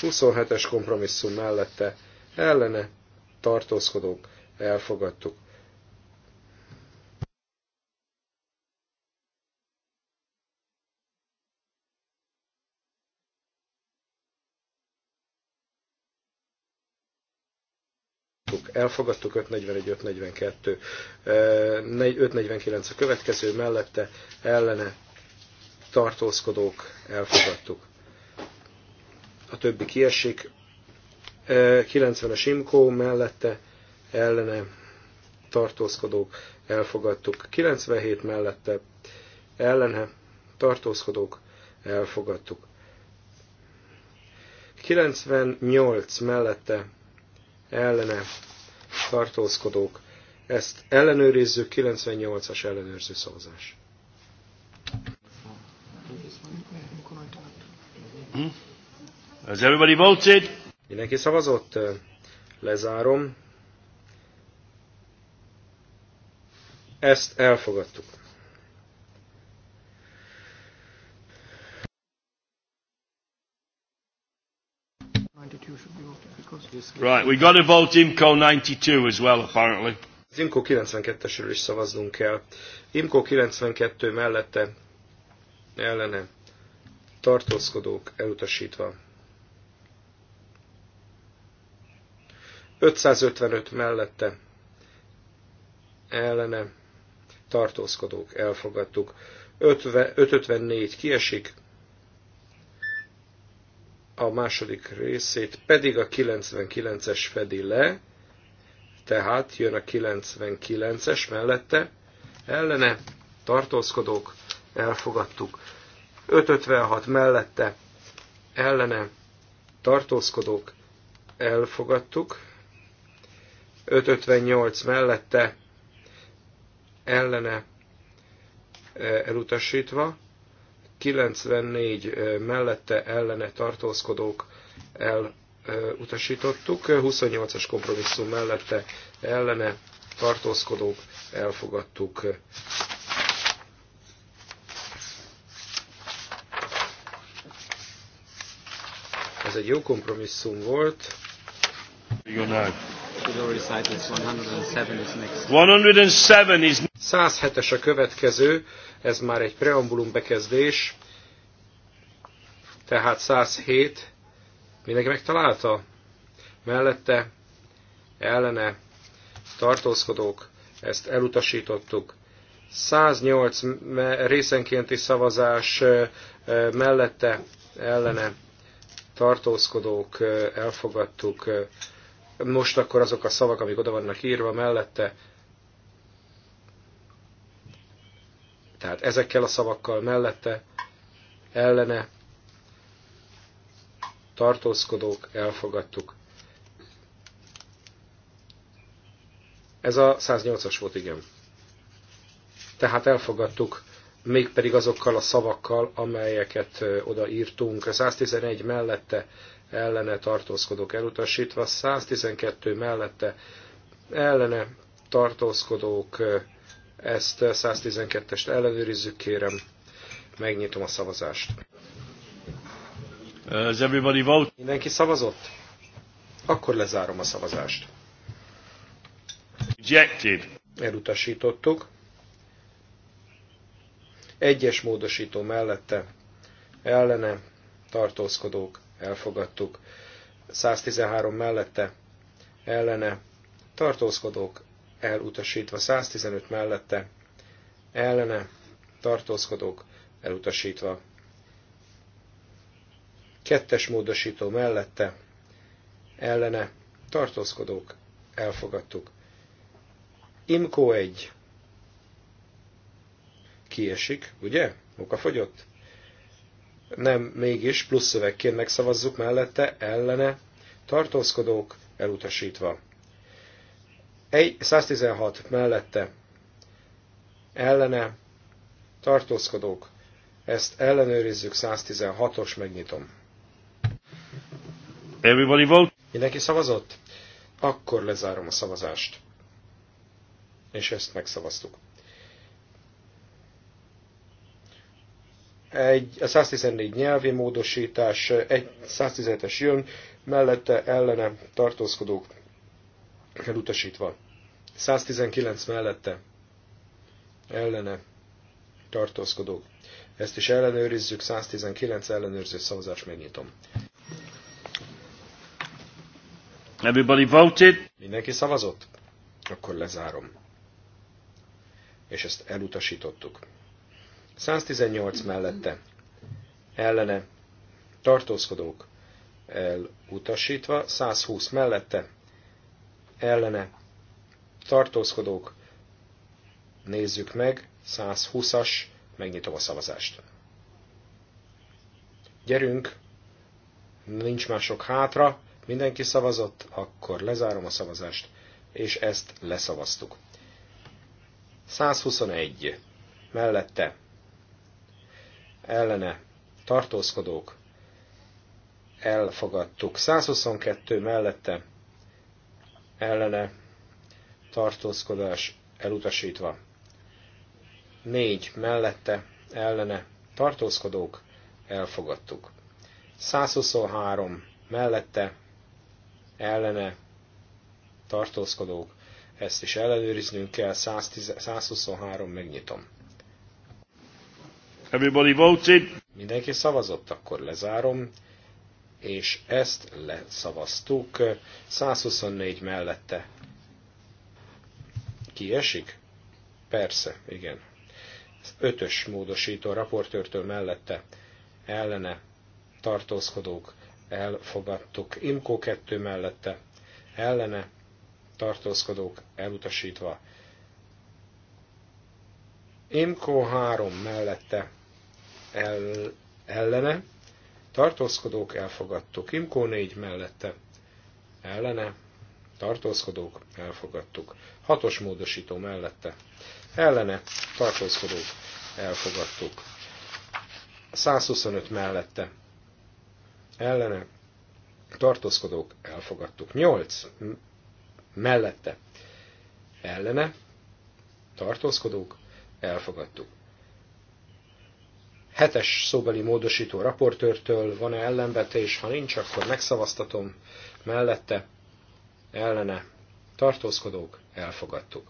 27-es kompromisszum mellette ellene tartózkodók elfogadtuk. elfogadtuk, 541-542, 549 a következő mellette ellene tartózkodók elfogadtuk a többi kiesik. 90-es Imkó mellette ellene tartózkodók elfogadtuk. 97 mellette ellene tartózkodók elfogadtuk. 98 mellette ellene tartózkodók. Ezt ellenőrizzük, 98-as ellenőrző szavazás. Mm-hmm. Has everybody voted? Mindenki szavazott? Lezárom. Ezt elfogadtuk. Right, we got to vote
IMCO 92 as well, apparently.
Az IMCO 92-esről is szavaznunk kell. IMCO 92 mellette ellene tartózkodók elutasítva. 555 mellette ellene tartózkodók elfogadtuk. 554 kiesik, a második részét pedig a 99-es fedi le, tehát jön a 99-es mellette, ellene tartózkodók elfogadtuk. 556 mellette ellene tartózkodók elfogadtuk. 558 mellette ellene elutasítva, 94 mellette ellene tartózkodók elutasítottuk, 28-as kompromisszum mellette ellene tartózkodók elfogadtuk. Ez egy jó kompromisszum volt. Jó, 107 is
107 is 107-es
a következő, ez már egy preambulum bekezdés, tehát 107, mindenki megtalálta? Mellette, ellene, tartózkodók, ezt elutasítottuk. 108 részenkénti szavazás mellette, ellene, tartózkodók elfogadtuk most akkor azok a szavak, amik oda vannak írva mellette, tehát ezekkel a szavakkal mellette, ellene, tartózkodók, elfogadtuk. Ez a 108-as volt, igen. Tehát elfogadtuk, mégpedig azokkal a szavakkal, amelyeket odaírtunk. 111 mellette ellene tartózkodók elutasítva, 112 mellette ellene tartózkodók, ezt 112-est ellenőrizzük, kérem, megnyitom a szavazást. Uh, is everybody vote? Mindenki szavazott? Akkor lezárom a szavazást. Rejected. Elutasítottuk. Egyes módosító mellette ellene tartózkodók elfogadtuk. 113 mellette ellene tartózkodók elutasítva, 115 mellette ellene tartózkodók elutasítva. Kettes módosító mellette ellene tartózkodók elfogadtuk. Imkó 1 kiesik, ugye? Muka fogyott? nem mégis plusz szövegként megszavazzuk mellette, ellene, tartózkodók elutasítva. 116 mellette, ellene, tartózkodók, ezt ellenőrizzük, 116-os megnyitom.
Everybody vote. Mindenki szavazott?
Akkor lezárom a szavazást. És ezt megszavaztuk. egy, a 114 nyelvi módosítás, egy 117-es jön, mellette ellene tartózkodók elutasítva. 119 mellette ellene tartózkodók. Ezt is ellenőrizzük, 119 ellenőrző szavazás megnyitom.
Everybody voted.
Mindenki szavazott? Akkor lezárom. És ezt elutasítottuk. 118 mellette ellene tartózkodók elutasítva, 120 mellette ellene tartózkodók, nézzük meg, 120-as, megnyitom a szavazást. Gyerünk, nincs mások hátra, mindenki szavazott, akkor lezárom a szavazást, és ezt leszavaztuk. 121 mellette ellene tartózkodók elfogadtuk. 122 mellette ellene tartózkodás elutasítva. 4 mellette ellene tartózkodók elfogadtuk. 123 mellette ellene tartózkodók, ezt is ellenőriznünk kell, 123 megnyitom. Everybody voted. Mindenki szavazott, akkor lezárom. És ezt leszavaztuk. 124 mellette. Kiesik? Persze, igen. Ötös módosító raportőrtől mellette ellene tartózkodók elfogadtuk. Imkó 2 mellette ellene tartózkodók elutasítva. Imko 3 mellette el, ellene, tartózkodók elfogadtuk. Imko 4 mellette ellene, tartózkodók elfogadtuk. Hatos módosító mellette ellene, tartózkodók elfogadtuk. 125 mellette ellene, tartózkodók elfogadtuk. 8 mellette ellene, tartózkodók elfogadtuk. Hetes szóbeli módosító raportőrtől van-e ellenvetés, ha nincs, akkor megszavaztatom mellette, ellene, tartózkodók, elfogadtuk.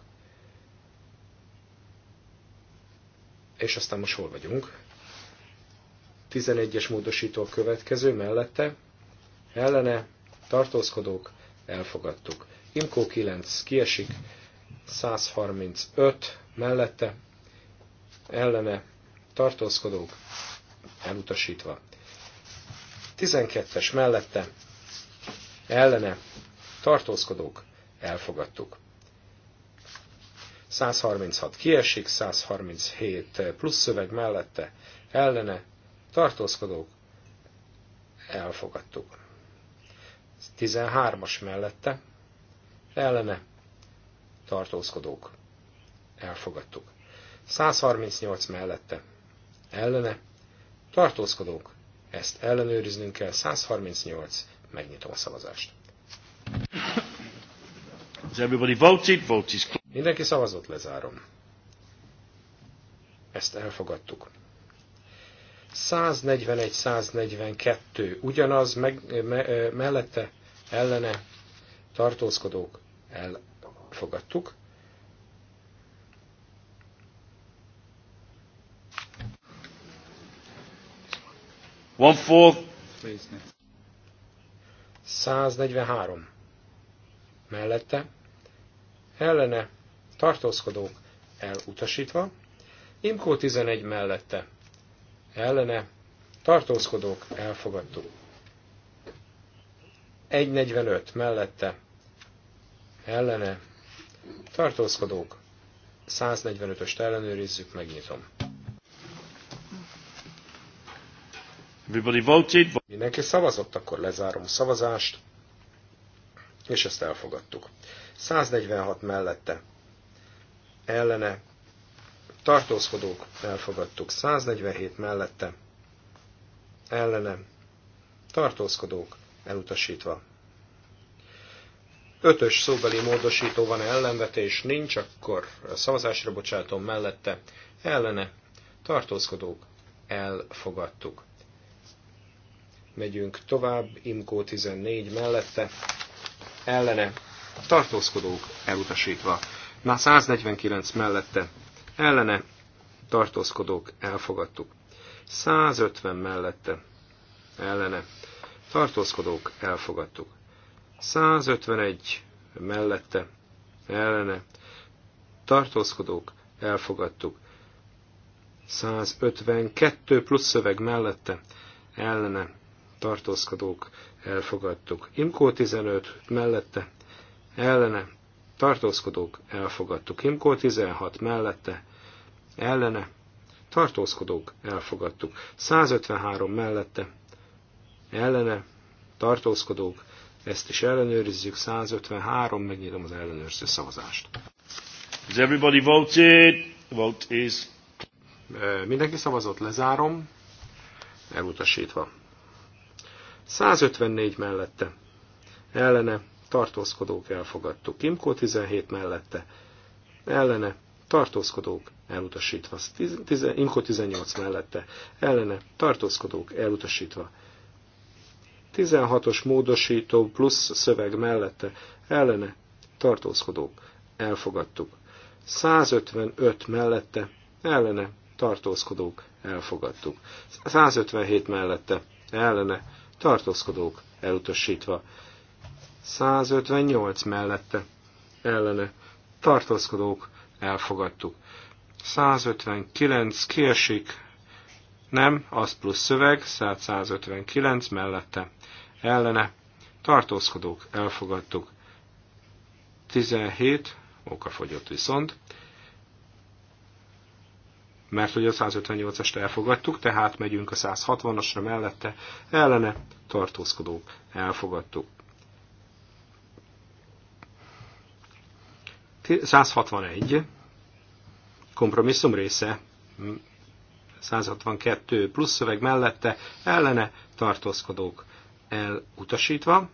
És aztán most hol vagyunk? 11-es módosító következő mellette, ellene, tartózkodók, elfogadtuk. Imkó 9 kiesik, 135 mellette, ellene tartózkodók elutasítva. 12-es mellette ellene tartózkodók elfogadtuk. 136 kiesik, 137 plusz szöveg mellette ellene tartózkodók elfogadtuk. 13-as mellette ellene tartózkodók elfogadtuk. 138 mellette ellene, tartózkodók, ezt ellenőriznünk kell, 138, megnyitom a szavazást.
Has everybody voted? Vote is
Mindenki szavazott, lezárom.
Ezt elfogadtuk.
141-142 ugyanaz, meg, me, mellette, ellene, tartózkodók,
elfogadtuk. One
143. Mellette ellene tartózkodók elutasítva. Imkó 11 mellette ellene tartózkodók elfogadtó. 1.45 mellette ellene tartózkodók 145-öst ellenőrizzük, megnyitom. Everybody voted. Mindenki szavazott, akkor lezárom a szavazást, és ezt elfogadtuk. 146 mellette ellene tartózkodók elfogadtuk, 147 mellette ellene tartózkodók elutasítva. Ötös szóbeli módosító van ellenvetés, nincs, akkor szavazásra bocsátom mellette ellene tartózkodók elfogadtuk. Megyünk tovább, Imkó 14 mellette, ellene, tartózkodók elutasítva. Na 149 mellette, ellene, tartózkodók elfogadtuk. 150 mellette, ellene, tartózkodók elfogadtuk. 151 mellette, ellene, tartózkodók elfogadtuk. 152 plusz szöveg mellette, ellene, tartózkodók elfogadtuk. Imkó 15 mellette, ellene, tartózkodók elfogadtuk. Imkó 16 mellette, ellene, tartózkodók elfogadtuk. 153 mellette, ellene, tartózkodók, ezt is ellenőrizzük, 153, megnyitom az ellenőrző szavazást. Is everybody voted? Vote is... Mindenki szavazott, lezárom, elutasítva. 154 mellette, ellene, tartózkodók elfogadtuk. Imkó 17 mellette, ellene, tartózkodók elutasítva. Imkó 18 mellette, ellene, tartózkodók elutasítva. 16-os módosító plusz szöveg mellette, ellene, tartózkodók elfogadtuk. 155 mellette, ellene, tartózkodók elfogadtuk. 157 mellette, ellene, tartózkodók elutasítva. 158 mellette ellene tartózkodók elfogadtuk. 159 kiesik, nem, az plusz szöveg, 159 mellette ellene tartózkodók elfogadtuk. 17, okafogyott viszont, mert hogy a 158-est elfogadtuk, tehát megyünk a 160-asra mellette, ellene tartózkodók elfogadtuk. 161 kompromisszum része, 162 plusz szöveg mellette, ellene tartózkodók elutasítva,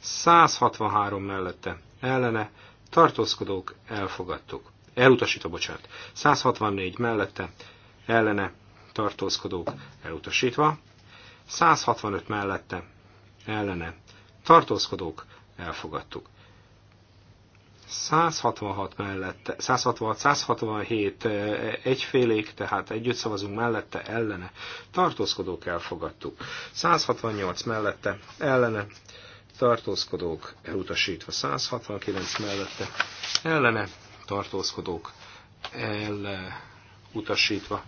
163 mellette, ellene tartózkodók elfogadtuk elutasítva, bocsánat. 164 mellette ellene tartózkodók elutasítva, 165 mellette ellene tartózkodók elfogadtuk. 166 mellette, 166, 167 eh, egyfélék, tehát együtt szavazunk mellette, ellene, tartózkodók elfogadtuk. 168 mellette, ellene, tartózkodók elutasítva. 169 mellette, ellene, tartózkodók elutasítva.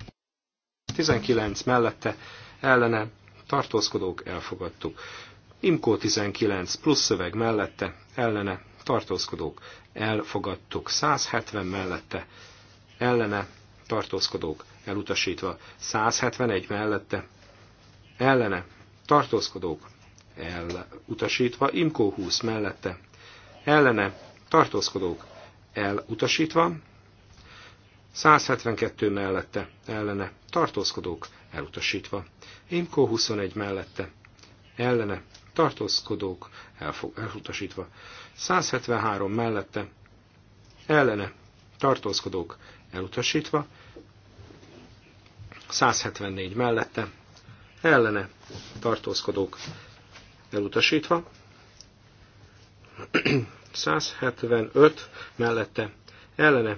19 mellette ellene tartózkodók elfogadtuk. Imkó 19 plusz szöveg mellette ellene tartózkodók elfogadtuk. 170 mellette ellene tartózkodók elutasítva. 171 mellette ellene tartózkodók elutasítva. Imkó 20 mellette ellene tartózkodók elutasítva, 172 mellette ellene tartózkodók elutasítva, Imko 21 mellette ellene tartózkodók elutasítva, 173 mellette ellene tartózkodók elutasítva, 174 mellette ellene tartózkodók elutasítva, 175 mellette ellene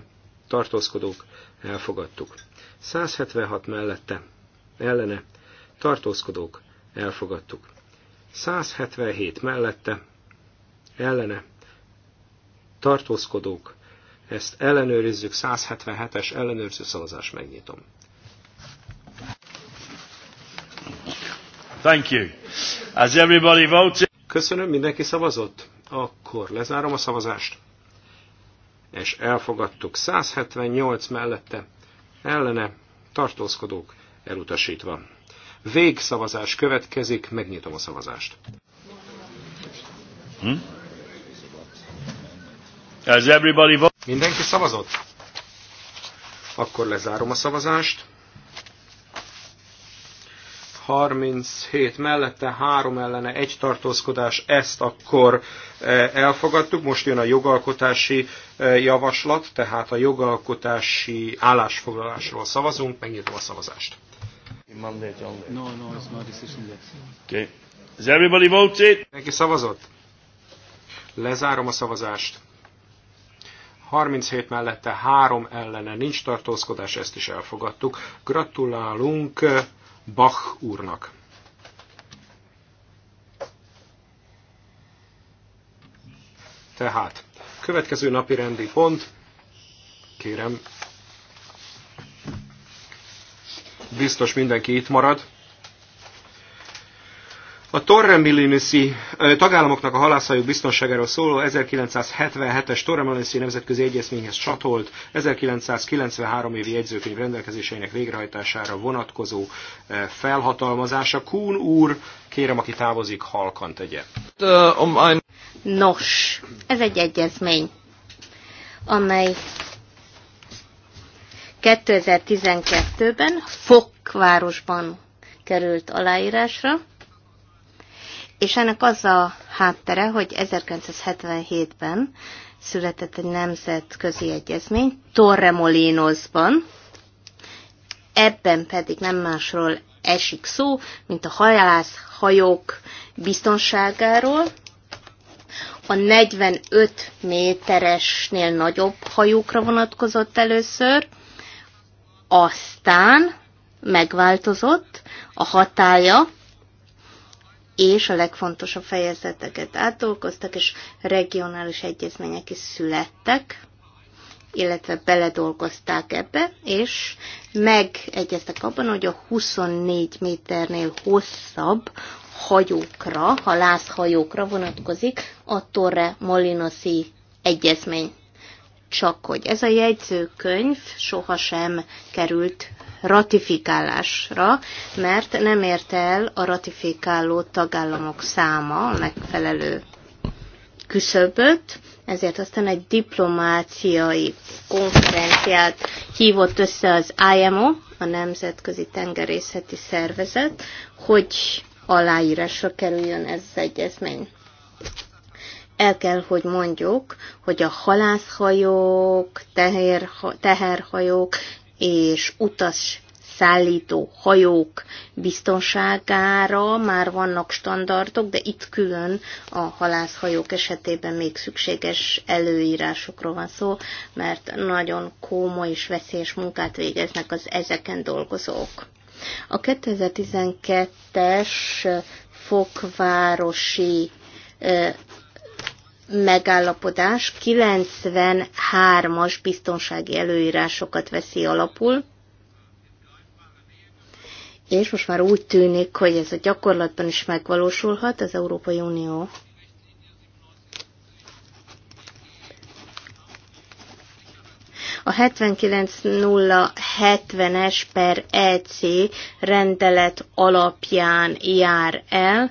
tartózkodók elfogadtuk. 176 mellette ellene tartózkodók elfogadtuk. 177 mellette ellene tartózkodók, ezt ellenőrizzük, 177-es ellenőrző szavazás megnyitom. Thank you. As everybody voted. Köszönöm, mindenki szavazott. Akkor lezárom a szavazást, és elfogadtuk 178 mellette ellene tartózkodók elutasítva. Végszavazás következik, megnyitom a szavazást. Hmm? Mindenki szavazott? Akkor lezárom a szavazást. 37 mellette, 3 ellene, egy tartózkodás, ezt akkor e, elfogadtuk. Most jön a jogalkotási e, javaslat, tehát a jogalkotási állásfoglalásról szavazunk, megnyitom a szavazást. No, no, Neki szavazott? Lezárom a szavazást. 37 mellette 3 ellene nincs tartózkodás, ezt is elfogadtuk. Gratulálunk Bach úrnak. Tehát, következő napi rendi pont, kérem, biztos mindenki itt marad. A Torremoliniszi tagállamoknak a halászhajók biztonságáról szóló 1977-es Torremoliniszi nemzetközi egyezményhez csatolt 1993 évi jegyzőkönyv rendelkezéseinek végrehajtására vonatkozó felhatalmazása. Kún úr, kérem, aki távozik, halkan tegye.
Nos, ez egy egyezmény, amely 2012-ben Fokvárosban került aláírásra, és ennek az a háttere, hogy 1977-ben született egy nemzetközi egyezmény Torremolinosban, ebben pedig nem másról esik szó, mint a halász hajók biztonságáról, a 45 méteresnél nagyobb hajókra vonatkozott először, aztán megváltozott a hatája és a legfontosabb fejezeteket átdolgoztak, és regionális egyezmények is születtek, illetve beledolgozták ebbe, és megegyeztek abban, hogy a 24 méternél hosszabb hajókra, halászhajókra vonatkozik a Torre Molinosi egyezmény. Csak hogy ez a jegyzőkönyv sohasem került ratifikálásra, mert nem ért el a ratifikáló tagállamok száma a megfelelő küszöböt, ezért aztán egy diplomáciai konferenciát hívott össze az IMO, a Nemzetközi Tengerészeti Szervezet, hogy aláírásra kerüljön ez az egyezmény. El kell, hogy mondjuk, hogy a halászhajók, teher, teherhajók és utas szállító hajók biztonságára már vannak standardok, de itt külön a halászhajók esetében még szükséges előírásokról van szó, mert nagyon komoly és veszélyes munkát végeznek az ezeken dolgozók. A 2012-es fokvárosi megállapodás 93-as biztonsági előírásokat veszi alapul, és most már úgy tűnik, hogy ez a gyakorlatban is megvalósulhat, az Európai Unió A 79070-es per EC rendelet alapján jár el.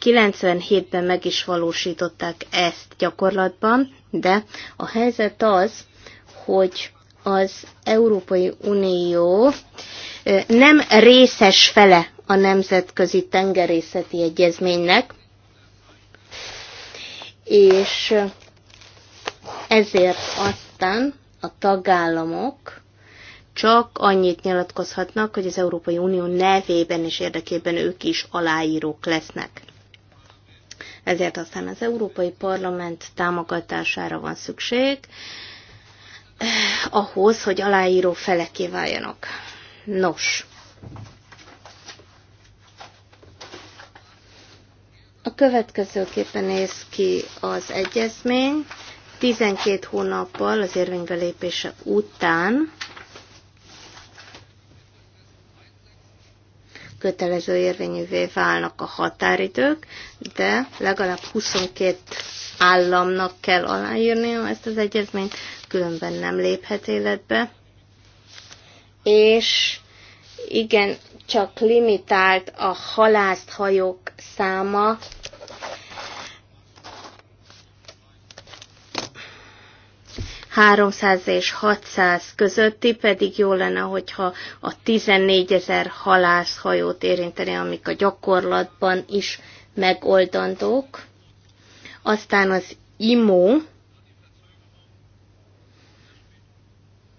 97-ben meg is valósították ezt gyakorlatban, de a helyzet az, hogy az Európai Unió nem részes fele a Nemzetközi Tengerészeti Egyezménynek, és ezért aztán a tagállamok csak annyit nyilatkozhatnak, hogy az Európai Unió nevében és érdekében ők is aláírók lesznek. Ezért aztán az Európai Parlament támogatására van szükség, eh, ahhoz, hogy aláíró feleké váljanak. Nos. A következőképpen néz ki az egyezmény. 12 hónappal az érvénybe lépése után kötelező érvényűvé válnak a határidők, de legalább 22 államnak kell aláírnia ezt az egyezményt, különben nem léphet életbe. És igen, csak limitált a halászhajók száma, 300 és 600 közötti, pedig jó lenne, hogyha a 14 ezer halászhajót érinteni, amik a gyakorlatban is megoldandók. Aztán az IMO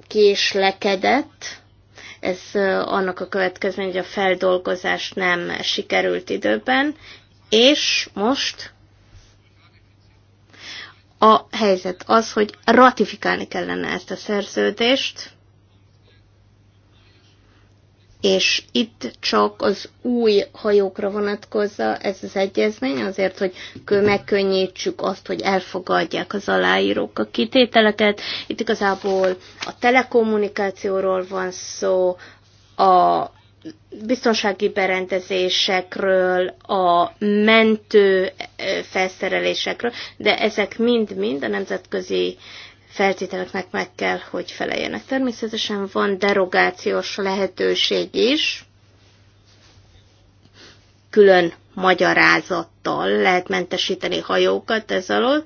késlekedett, ez annak a következő, hogy a feldolgozás nem sikerült időben, és most a helyzet az, hogy ratifikálni kellene ezt a szerződést, és itt csak az új hajókra vonatkozza ez az egyezmény, azért, hogy megkönnyítsük azt, hogy elfogadják az aláírók a kitételeket. Itt igazából a telekommunikációról van szó, a biztonsági berendezésekről, a mentő felszerelésekről, de ezek mind-mind a nemzetközi feltételeknek meg kell, hogy feleljenek. Természetesen van derogációs lehetőség is, külön magyarázattal lehet mentesíteni hajókat ez alól,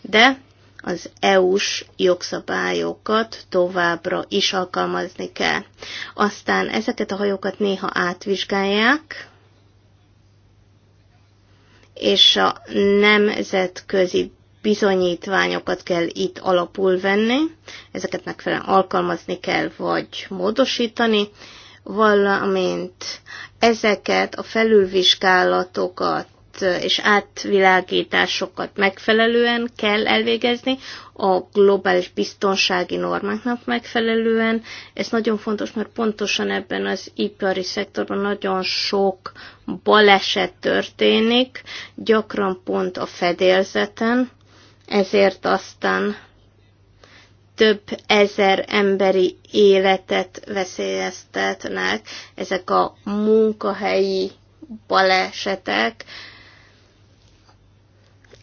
de az EU-s jogszabályokat továbbra is alkalmazni kell. Aztán ezeket a hajókat néha átvizsgálják, és a nemzetközi bizonyítványokat kell itt alapul venni, ezeket megfelelően alkalmazni kell, vagy módosítani, valamint ezeket a felülvizsgálatokat és átvilágításokat megfelelően kell elvégezni, a globális biztonsági normáknak megfelelően. Ez nagyon fontos, mert pontosan ebben az ipari szektorban nagyon sok baleset történik, gyakran pont a fedélzeten, ezért aztán több ezer emberi életet veszélyeztetnek ezek a munkahelyi balesetek,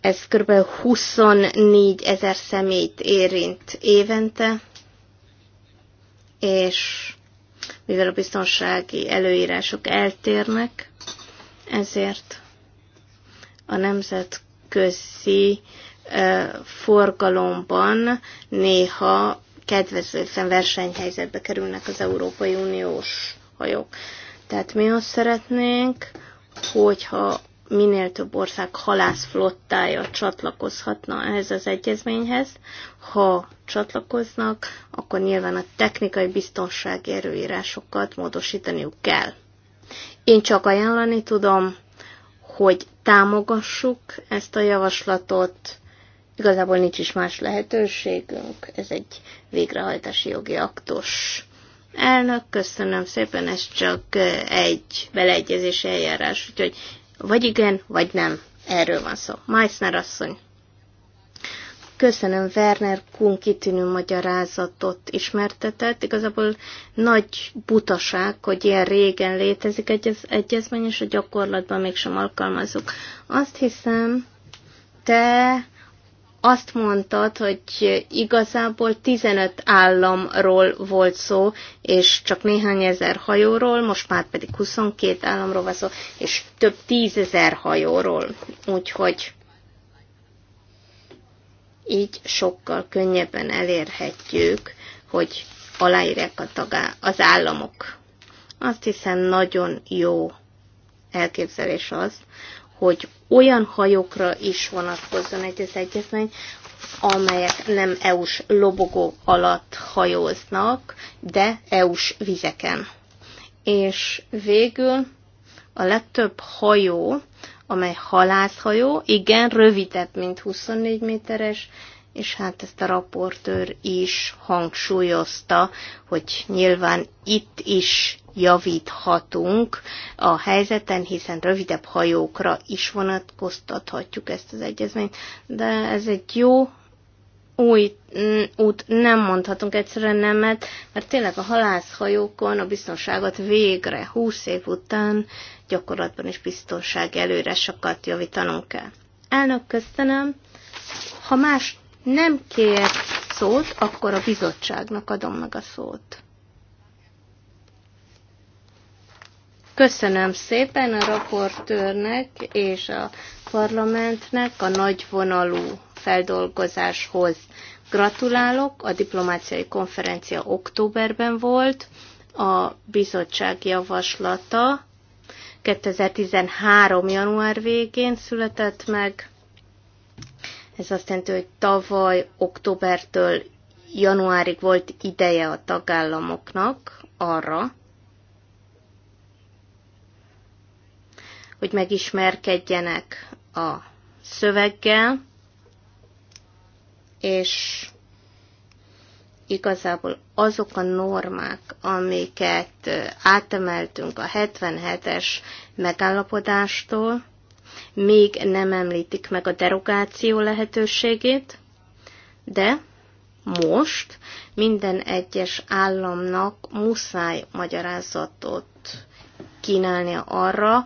ez kb. 24 ezer személyt érint évente, és mivel a biztonsági előírások eltérnek, ezért a nemzetközi forgalomban néha kedvezőtlen versenyhelyzetbe kerülnek az Európai Uniós hajók. Tehát mi azt szeretnénk, hogyha minél több ország halászflottája csatlakozhatna ehhez az egyezményhez. Ha csatlakoznak, akkor nyilván a technikai biztonsági erőírásokat módosítaniuk kell. Én csak ajánlani tudom, hogy támogassuk ezt a javaslatot, igazából nincs is más lehetőségünk, ez egy végrehajtási jogi aktus. Elnök, köszönöm szépen, ez csak egy beleegyezési eljárás, úgyhogy vagy igen, vagy nem. Erről van szó. Meissner asszony. Köszönöm Werner Kuhn kitűnő magyarázatot ismertetett. Igazából nagy butaság, hogy ilyen régen létezik egy egyezmény, és a gyakorlatban mégsem alkalmazunk. Azt hiszem, te azt mondtad, hogy igazából 15 államról volt szó, és csak néhány ezer hajóról, most már pedig 22 államról van szó, és több tízezer hajóról. Úgyhogy így sokkal könnyebben elérhetjük, hogy aláírják a tagá az államok. Azt hiszem nagyon jó elképzelés az, hogy olyan hajókra is vonatkozzon egy az egyezmény, amelyek nem EU-s lobogó alatt hajóznak, de EU-s vizeken. És végül a legtöbb hajó, amely halászhajó, igen, rövidebb, mint 24 méteres, és hát ezt a raportőr is hangsúlyozta, hogy nyilván itt is javíthatunk a helyzeten, hiszen rövidebb hajókra is vonatkoztathatjuk ezt az egyezményt, de ez egy jó új mm, út nem mondhatunk egyszerűen nemet, mert tényleg a halászhajókon a biztonságot végre húsz év után gyakorlatban is biztonság előre sokat javítanunk kell. Elnök, köszönöm. Ha más nem kér szót, akkor a bizottságnak adom meg a szót. Köszönöm szépen a raportőrnek és a parlamentnek a nagyvonalú feldolgozáshoz. Gratulálok, a diplomáciai konferencia októberben volt, a bizottság javaslata 2013. január végén született meg. Ez azt jelenti, hogy tavaly októbertől januárig volt ideje a tagállamoknak arra, hogy megismerkedjenek a szöveggel, és igazából azok a normák, amiket átemeltünk a 77-es megállapodástól, még nem említik meg a derogáció lehetőségét, de most minden egyes államnak muszáj magyarázatot kínálnia arra,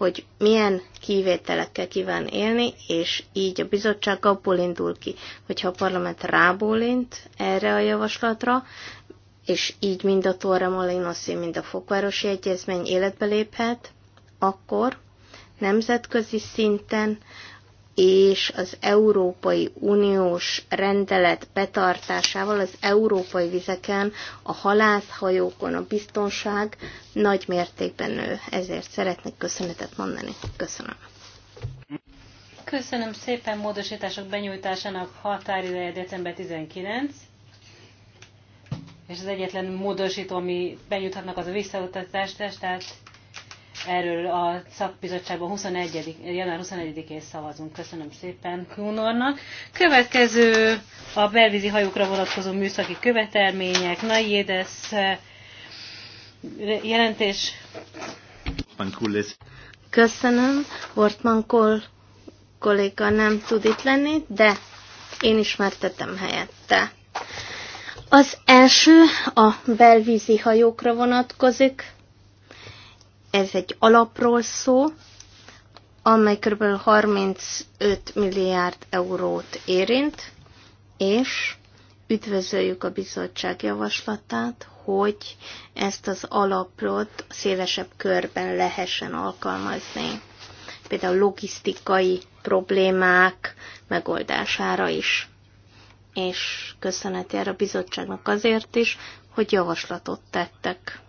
hogy milyen kivételekkel kíván élni, és így a bizottság abból indul ki, hogyha a parlament rábólint erre a javaslatra, és így mind a Torre Molinoszi, mind a Fokvárosi Egyezmény életbe léphet, akkor nemzetközi szinten és az Európai Uniós rendelet betartásával az európai vizeken, a halászhajókon a biztonság nagy mértékben nő. Ezért szeretnék köszönetet mondani. Köszönöm.
Köszönöm szépen módosítások benyújtásának határideje december 19, és az egyetlen módosító, ami benyújthatnak, az a visszautatás, tehát Erről a szakbizottságban 21. január 21-én szavazunk. Köszönöm szépen Kunornak. Következő a belvízi hajókra vonatkozó műszaki követelmények. Nagy Édesz eh, jelentés.
Köszönöm. Ortman Kohl kolléga nem tud itt lenni, de én ismertetem helyette. Az első a belvízi hajókra vonatkozik. Ez egy alapról szó, amely kb. 35 milliárd eurót érint, és üdvözöljük a bizottság javaslatát, hogy ezt az alapot szélesebb körben lehessen alkalmazni, például logisztikai problémák megoldására is. És köszönet jár a bizottságnak azért is, hogy javaslatot tettek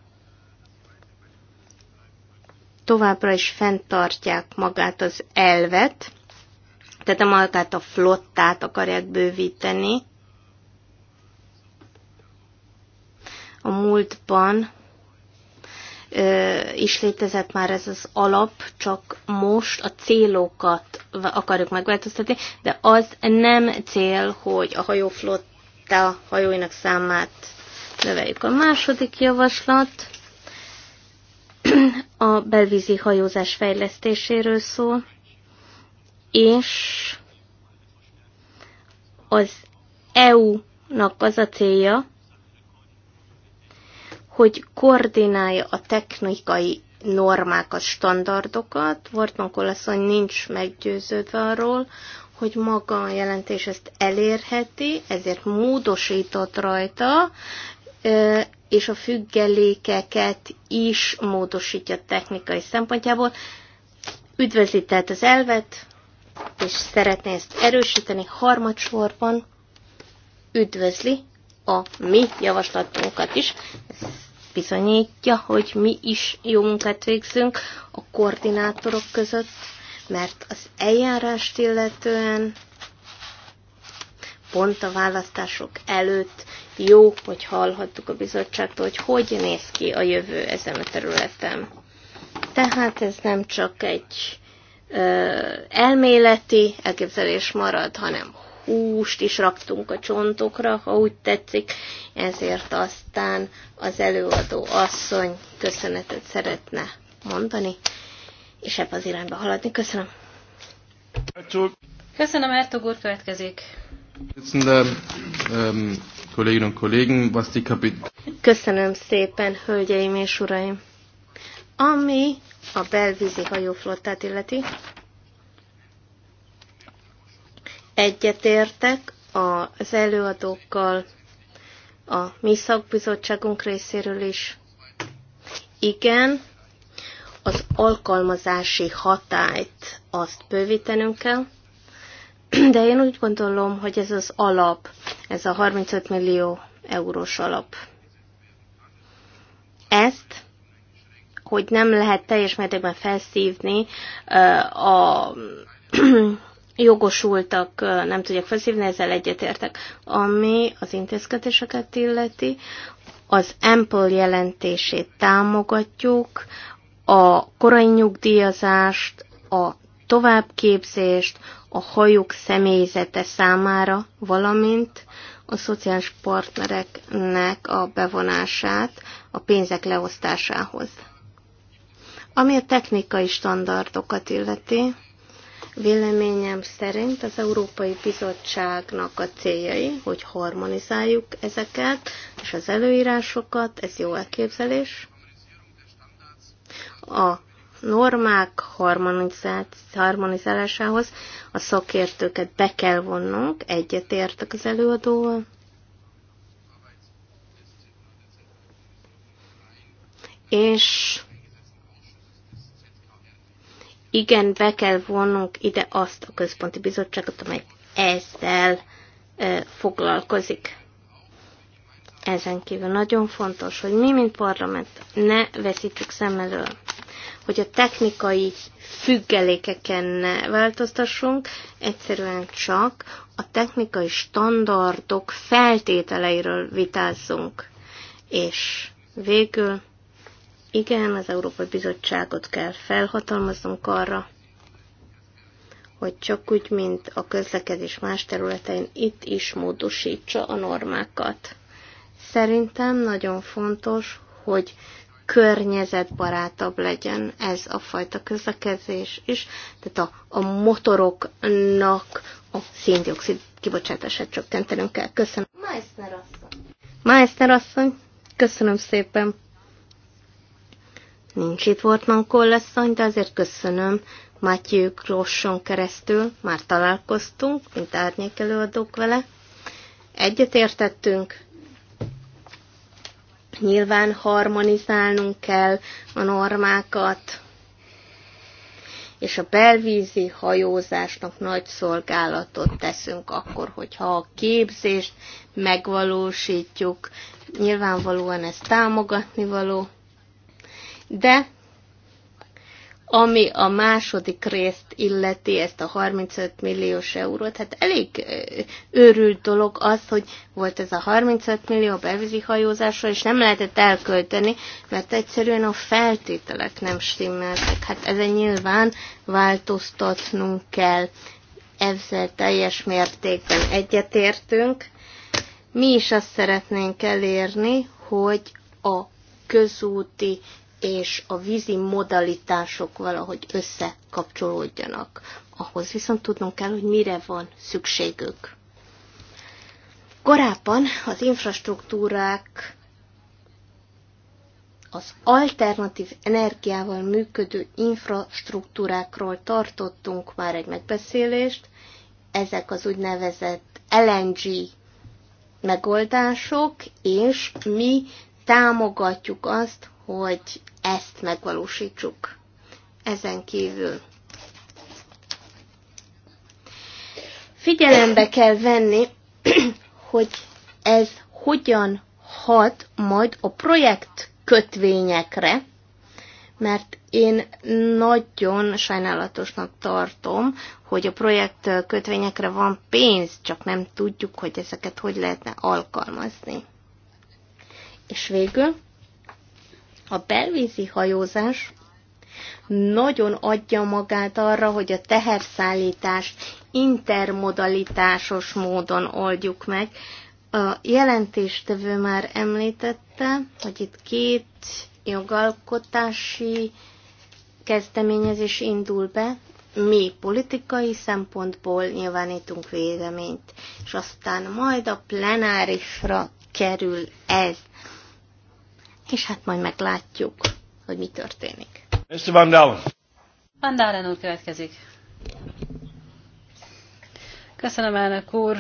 továbbra is fenntartják magát az elvet, tehát magát a flottát akarják bővíteni. A múltban ö, is létezett már ez az alap, csak most a célokat akarjuk megváltoztatni, de az nem cél, hogy a hajóflotta hajóinak számát növeljük. A második javaslat a belvízi hajózás fejlesztéséről szól, és az EU-nak az a célja, hogy koordinálja a technikai normákat, standardokat. Vortman Kolaszony nincs meggyőződve arról, hogy maga a jelentés ezt elérheti, ezért módosított rajta, és a függelékeket is módosítja technikai szempontjából. Üdvözli tehát az elvet, és szeretné ezt erősíteni harmadsorban. Üdvözli a mi javaslatunkat is. Ez bizonyítja, hogy mi is jó munkát végzünk a koordinátorok között, mert az eljárást illetően pont a választások előtt jó, hogy hallhattuk a bizottságtól, hogy hogy néz ki a jövő ezen a területen. Tehát ez nem csak egy ö, elméleti elképzelés marad, hanem húst is raktunk a csontokra, ha úgy tetszik, ezért aztán az előadó asszony köszönetet szeretne mondani, és ebbe
az irányba haladni. Köszönöm. Köszönöm, Ertog úr, következik. Um, und Kollegen, was die
Köszönöm szépen, hölgyeim és uraim! Ami a belvízi hajóflottát illeti, egyetértek az előadókkal, a mi szakbizottságunk részéről is. Igen, az alkalmazási hatályt azt bővítenünk kell, de én úgy gondolom, hogy ez az alap, ez a 35 millió eurós alap. Ezt, hogy nem lehet teljes mértékben felszívni a jogosultak nem tudják felszívni, ezzel egyetértek. Ami az intézkedéseket illeti, az Ample jelentését támogatjuk, a korai nyugdíjazást, a továbbképzést a hajók személyzete számára, valamint a szociális partnereknek a bevonását a pénzek leosztásához. Ami a technikai standardokat illeti, véleményem szerint az Európai Bizottságnak a céljai, hogy harmonizáljuk ezeket, és az előírásokat, ez jó elképzelés. A normák harmonizálásához a szakértőket be kell vonnunk, egyetértek az előadóval. És igen, be kell vonnunk ide azt a központi bizottságot, amely ezzel e, foglalkozik. Ezen kívül nagyon fontos, hogy mi, mint parlament, ne veszítsük szemmelől hogy a technikai függelékeken ne változtassunk, egyszerűen csak a technikai standardok feltételeiről vitázzunk. És végül, igen, az Európai Bizottságot kell felhatalmaznunk arra, hogy csak úgy, mint a közlekedés más területein, itt is módosítsa a normákat. Szerintem nagyon fontos, hogy környezetbarátabb legyen ez a fajta közlekedés is, tehát a, a motoroknak a széndiokszid kibocsátását csökkentenünk kell. Köszönöm. Meissner asszony. Meissner asszony, köszönöm szépen. Nincs itt Wortman Kollasszony, de azért köszönöm. Matthew Grosson keresztül már találkoztunk, mint árnyék előadók vele. Egyetértettünk, Nyilván harmonizálnunk kell a normákat, és a belvízi hajózásnak nagy szolgálatot teszünk akkor, hogyha a képzést megvalósítjuk. Nyilvánvalóan ez támogatni való, de ami a második részt illeti, ezt a 35 milliós eurót, hát elég őrült dolog az, hogy volt ez a 35 millió belvízi hajózásra, és nem lehetett elkölteni, mert egyszerűen a feltételek nem stimmeltek. Hát ezen nyilván változtatnunk kell. Ezzel teljes mértékben egyetértünk. Mi is azt szeretnénk elérni, hogy a közúti és a vízi modalitások valahogy összekapcsolódjanak. Ahhoz viszont tudnunk kell, hogy mire van szükségük. Korábban az infrastruktúrák az alternatív energiával működő infrastruktúrákról tartottunk már egy megbeszélést. Ezek az úgynevezett LNG megoldások, és mi támogatjuk azt, hogy ezt megvalósítsuk. Ezen kívül figyelembe kell venni, hogy ez hogyan hat majd a projekt kötvényekre, mert én nagyon sajnálatosnak tartom, hogy a projekt kötvényekre van pénz, csak nem tudjuk, hogy ezeket hogy lehetne alkalmazni. És végül a belvízi hajózás nagyon adja magát arra, hogy a teherszállítást intermodalitásos módon oldjuk meg. A jelentéstevő már említette, hogy itt két jogalkotási kezdeményezés indul be, mi politikai szempontból nyilvánítunk véleményt, és aztán majd a plenárisra kerül ez és hát majd meglátjuk, hogy mi történik.
Mr. Van Dalen.
Van Dalen úr következik. Köszönöm, elnök úr.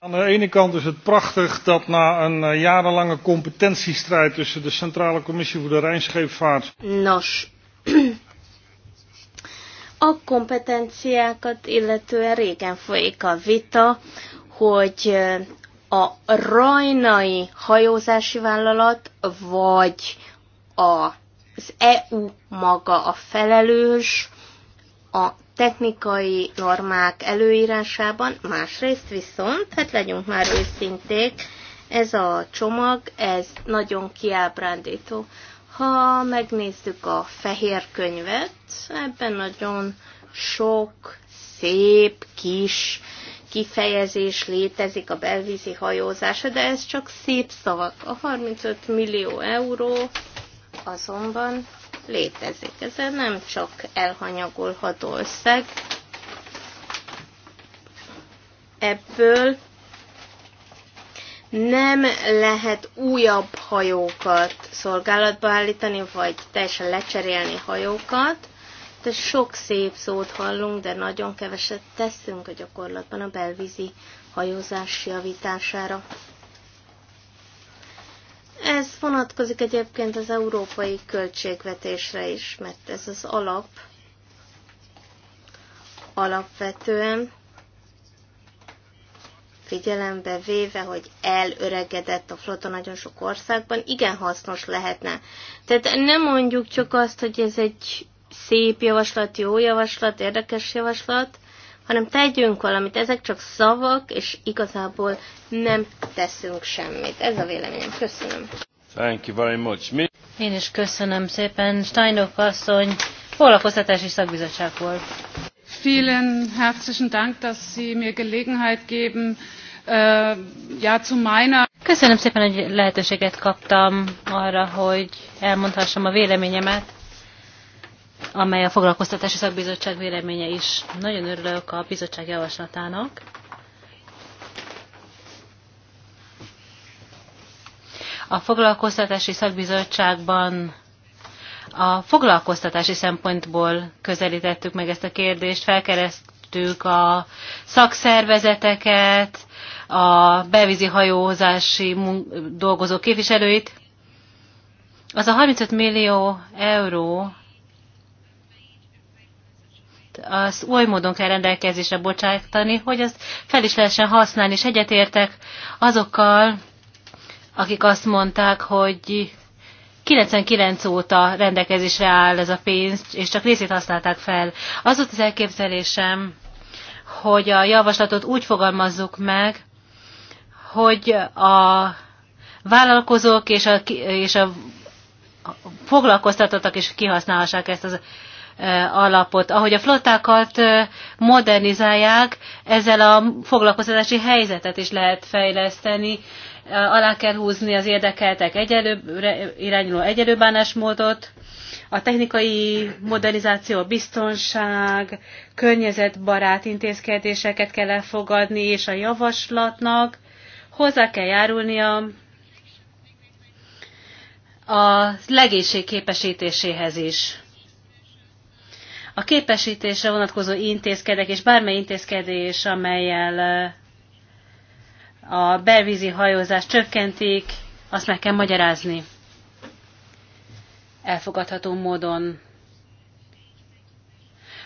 Aan de ene kant is het prachtig dat na een eh, jarenlange competentiestrijd tussen de Centrale Commissie voor de Rijnscheepvaart.
Nos, a kompetenciákat illetően régen folyik a vita, hogy eh, a rajnai hajózási vállalat, vagy az EU maga a felelős a technikai normák előírásában, másrészt viszont, hát legyünk már őszinték, ez a csomag, ez nagyon kiábrándító. Ha megnézzük a fehér könyvet, ebben nagyon sok szép kis kifejezés létezik a belvízi hajózása, de ez csak szép szavak. A 35 millió euró azonban létezik. Ez nem csak elhanyagolható összeg, ebből nem lehet újabb hajókat szolgálatba állítani, vagy teljesen lecserélni hajókat, sok szép szót hallunk, de nagyon keveset teszünk a gyakorlatban a belvízi hajózás javítására. Ez vonatkozik egyébként az európai költségvetésre is, mert ez az alap alapvetően figyelembe véve, hogy elöregedett a flotta nagyon sok országban, igen hasznos lehetne. Tehát nem mondjuk csak azt, hogy ez egy szép javaslat, jó javaslat, érdekes javaslat, hanem tegyünk valamit. Ezek csak szavak, és igazából nem teszünk semmit. Ez
a véleményem. Köszönöm.
Thank you very much. Mi...
Én is köszönöm szépen. Steinok asszony, foglalkoztatási szakbizottság volt. Vielen herzlichen Dank, dass Sie mir Gelegenheit geben, uh, ja, zu meiner Köszönöm szépen, hogy lehetőséget kaptam arra, hogy elmondhassam a véleményemet amely a Foglalkoztatási Szakbizottság véleménye is. Nagyon örülök a bizottság javaslatának. A Foglalkoztatási Szakbizottságban a foglalkoztatási szempontból közelítettük meg ezt a kérdést, felkeresztük a szakszervezeteket, a bevízi hajózási dolgozó képviselőit. Az a 35 millió euró, azt oly módon kell rendelkezésre bocsájtani, hogy azt fel is lehessen használni, és egyetértek azokkal, akik azt mondták, hogy 99 óta rendelkezésre áll ez a pénz, és csak részét használták fel. Az volt az elképzelésem, hogy a javaslatot úgy fogalmazzuk meg, hogy a vállalkozók és a, és a foglalkoztatottak is kihasználhassák ezt az alapot. Ahogy a flottákat modernizálják, ezzel a foglalkoztatási helyzetet is lehet fejleszteni. Alá kell húzni az érdekeltek egyelőbb, irányuló egyelőbánásmódot, a technikai modernizáció, biztonság, környezetbarát intézkedéseket kell elfogadni, és a javaslatnak hozzá kell járulnia a legénység képesítéséhez is. A képesítésre vonatkozó intézkedek, és bármely intézkedés, amelyel eh, a belvízi hajózást csökkentik, azt meg kell magyarázni. Elfogadható módon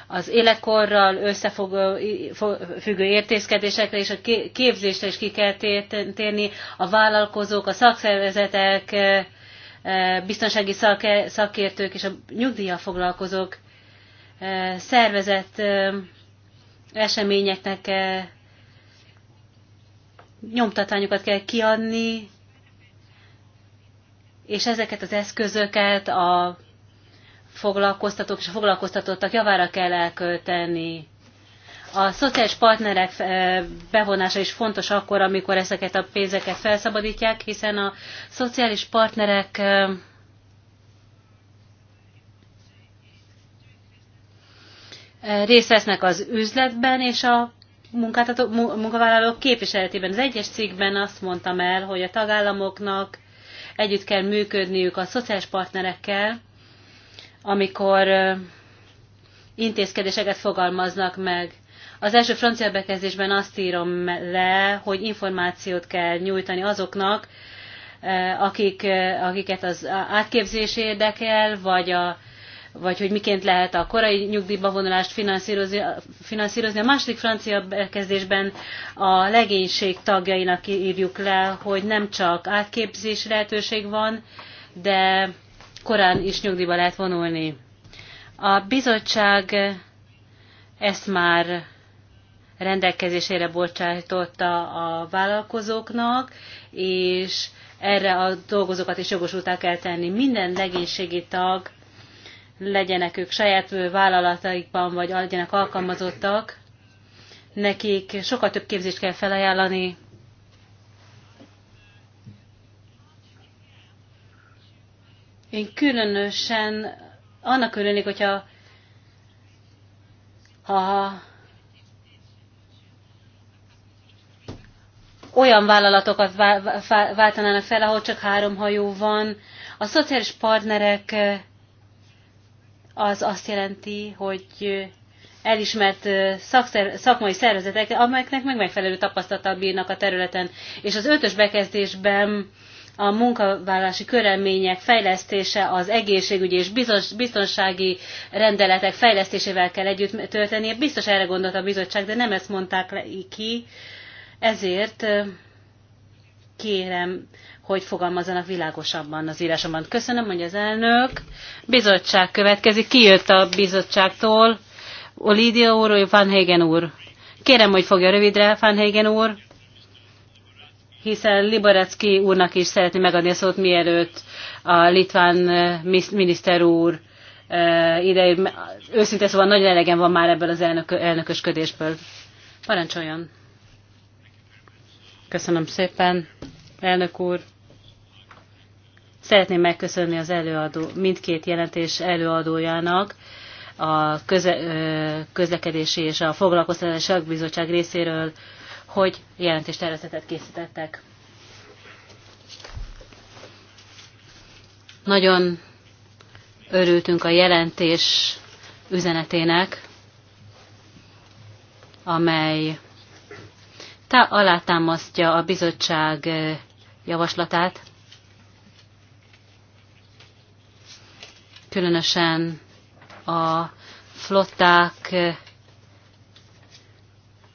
az életkorral összefüggő értészkedésekre és a képzésre is ki kell térni. A vállalkozók, a szakszervezetek, eh, eh, biztonsági szakértők és a nyugdíjjal foglalkozók szervezett eseményeknek nyomtatványokat kell kiadni, és ezeket az eszközöket a foglalkoztatók és a foglalkoztatottak javára kell elkölteni. A szociális partnerek bevonása is fontos akkor, amikor ezeket a pénzeket felszabadítják, hiszen a szociális partnerek részt vesznek az üzletben, és a munkavállalók képviseletében. Az egyes cikkben azt mondtam el, hogy a tagállamoknak együtt kell működniük a szociális partnerekkel, amikor intézkedéseket fogalmaznak meg. Az első francia bekezdésben azt írom le, hogy információt kell nyújtani azoknak, akik, akiket az átképzés érdekel, vagy a vagy hogy miként lehet a korai nyugdíjba vonulást finanszírozni, finanszírozni. A második francia bekezdésben a legénység tagjainak írjuk le, hogy nem csak átképzés lehetőség van, de korán is nyugdíjba lehet vonulni. A bizottság ezt már rendelkezésére bocsájtotta a vállalkozóknak, és erre a dolgozókat is jogosulták eltenni. Minden legénységi tag legyenek ők saját vállalataikban, vagy legyenek alkalmazottak, nekik sokkal több képzést kell felajánlani, Én különösen annak örülnék, hogyha ha olyan vállalatokat váltanának fel, ahol csak három hajó van. A szociális partnerek az azt jelenti, hogy elismert szakszer, szakmai szervezetek, amelyeknek meg megfelelő tapasztalata bírnak a területen. És az ötös bekezdésben a munkavállási körelmények fejlesztése az egészségügyi és biztonsági rendeletek fejlesztésével kell együtt tölteni. Biztos erre gondolt a bizottság, de nem ezt mondták le ki. Ezért kérem, hogy fogalmazzanak világosabban az írásomban. Köszönöm, hogy az elnök. Bizottság következik. Ki jött a bizottságtól? Olídia úr, Van Hagen úr. Kérem, hogy fogja rövidre, Van Hagen úr, hiszen Liborecki úrnak is szeretné megadni a szót, mielőtt a litván eh, miniszter úr eh, ide, őszinte szóval nagyon elegem van már ebből az elnök, elnökösködésből. Parancsoljon! Köszönöm szépen, elnök úr! Szeretném megköszönni az előadó, mindkét jelentés előadójának, a köze, közlekedési és a foglalkoztatási bizottság részéről, hogy jelentéstervezetet készítettek. Nagyon örültünk a jelentés üzenetének, amely alátámasztja a bizottság javaslatát, különösen a flották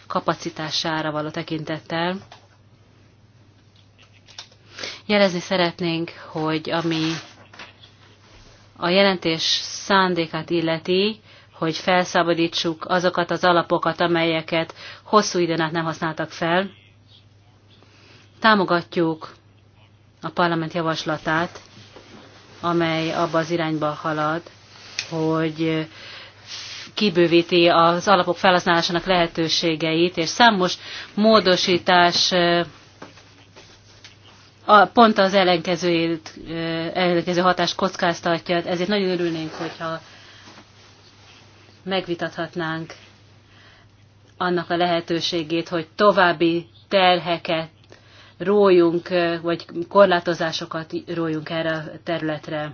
kapacitására való tekintettel. Jelezni szeretnénk, hogy ami a jelentés szándékát illeti, hogy felszabadítsuk azokat az alapokat, amelyeket hosszú időn át nem használtak fel. Támogatjuk a parlament javaslatát amely abba az irányba halad, hogy kibővíti az alapok felhasználásának lehetőségeit, és számos módosítás pont az ellenkezőjét, ellenkező hatást kockáztatja, ezért nagyon örülnénk, hogyha megvitathatnánk annak a lehetőségét, hogy további terheket rójunk, vagy korlátozásokat rójunk erre a területre.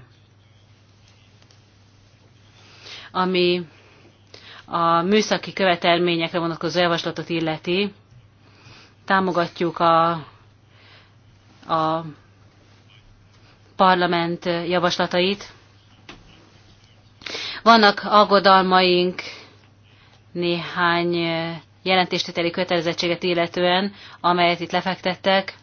Ami a műszaki követelményekre vonatkozó javaslatot illeti, támogatjuk a, a parlament javaslatait. Vannak aggodalmaink néhány jelentéstételi kötelezettséget illetően, amelyet itt lefektettek.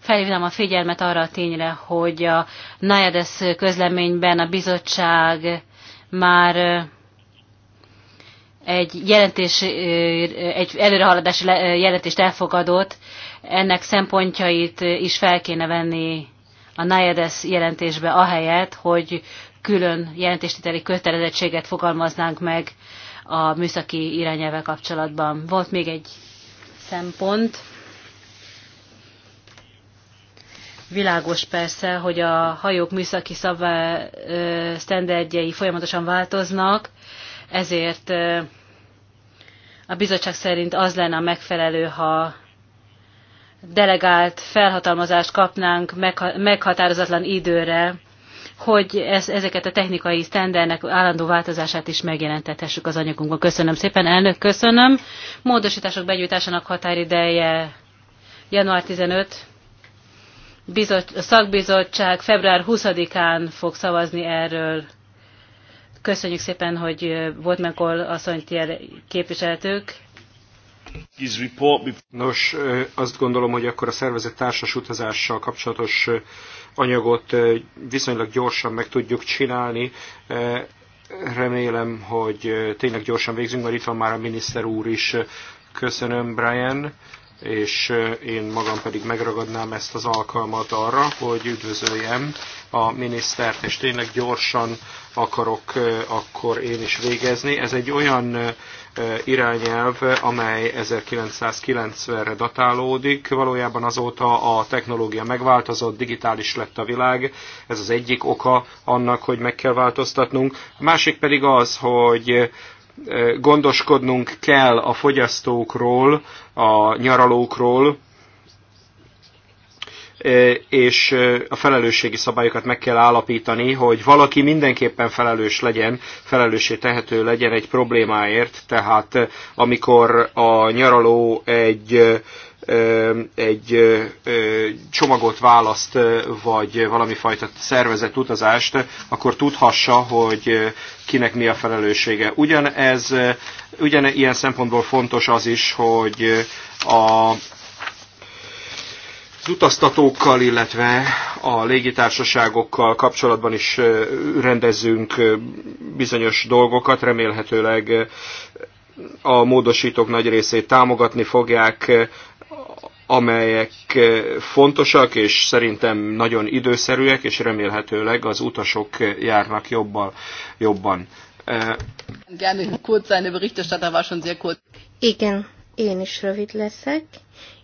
Felhívnám a figyelmet arra a tényre, hogy a NAEDES közleményben a bizottság már egy, jelentés, egy előrehaladási jelentést elfogadott, ennek szempontjait is fel kéne venni a NAEDES jelentésbe ahelyett, hogy külön jelentéstételi kötelezettséget fogalmaznánk meg a műszaki irányelvvel kapcsolatban. Volt még egy szempont. Világos persze, hogy a hajók műszaki szabvá folyamatosan változnak, ezért a bizottság szerint az lenne a megfelelő, ha delegált felhatalmazást kapnánk meghatározatlan időre hogy ez, ezeket a technikai sztendernek állandó változását is megjelentethessük az anyagunkban. Köszönöm szépen, elnök, köszönöm. Módosítások begyújtásának határideje január 15. Bizot, a szakbizottság február 20-án fog szavazni erről. Köszönjük szépen, hogy volt megkol asszonyt képviseltük.
Nos, azt gondolom, hogy akkor a szervezett társas utazással kapcsolatos anyagot viszonylag gyorsan meg tudjuk csinálni. Remélem, hogy tényleg gyorsan végzünk, mert itt van már a miniszter úr is. Köszönöm, Brian és én magam pedig megragadnám ezt az alkalmat arra, hogy üdvözöljem a minisztert, és tényleg gyorsan akarok akkor én is végezni. Ez egy olyan irányelv, amely 1990-re datálódik. Valójában azóta a technológia megváltozott, digitális lett a világ. Ez az egyik oka annak, hogy meg kell változtatnunk. A másik pedig az, hogy gondoskodnunk kell a fogyasztókról, a nyaralókról, és a felelősségi szabályokat meg kell állapítani, hogy valaki mindenképpen felelős legyen, felelőssé tehető legyen egy problémáért, tehát amikor a nyaraló egy egy csomagot választ, vagy valami fajta szervezett utazást, akkor tudhassa, hogy kinek mi a felelőssége. Ugyanez, ugyan ilyen szempontból fontos az is, hogy a utaztatókkal, illetve a légitársaságokkal kapcsolatban is rendezzünk bizonyos dolgokat, remélhetőleg a módosítók nagy részét támogatni fogják, amelyek fontosak, és szerintem nagyon időszerűek, és remélhetőleg az utasok járnak jobban. jobban.
Gerne kurz, seine
Berichterstatter war schon
sehr kurz. Igen, én is rövid leszek.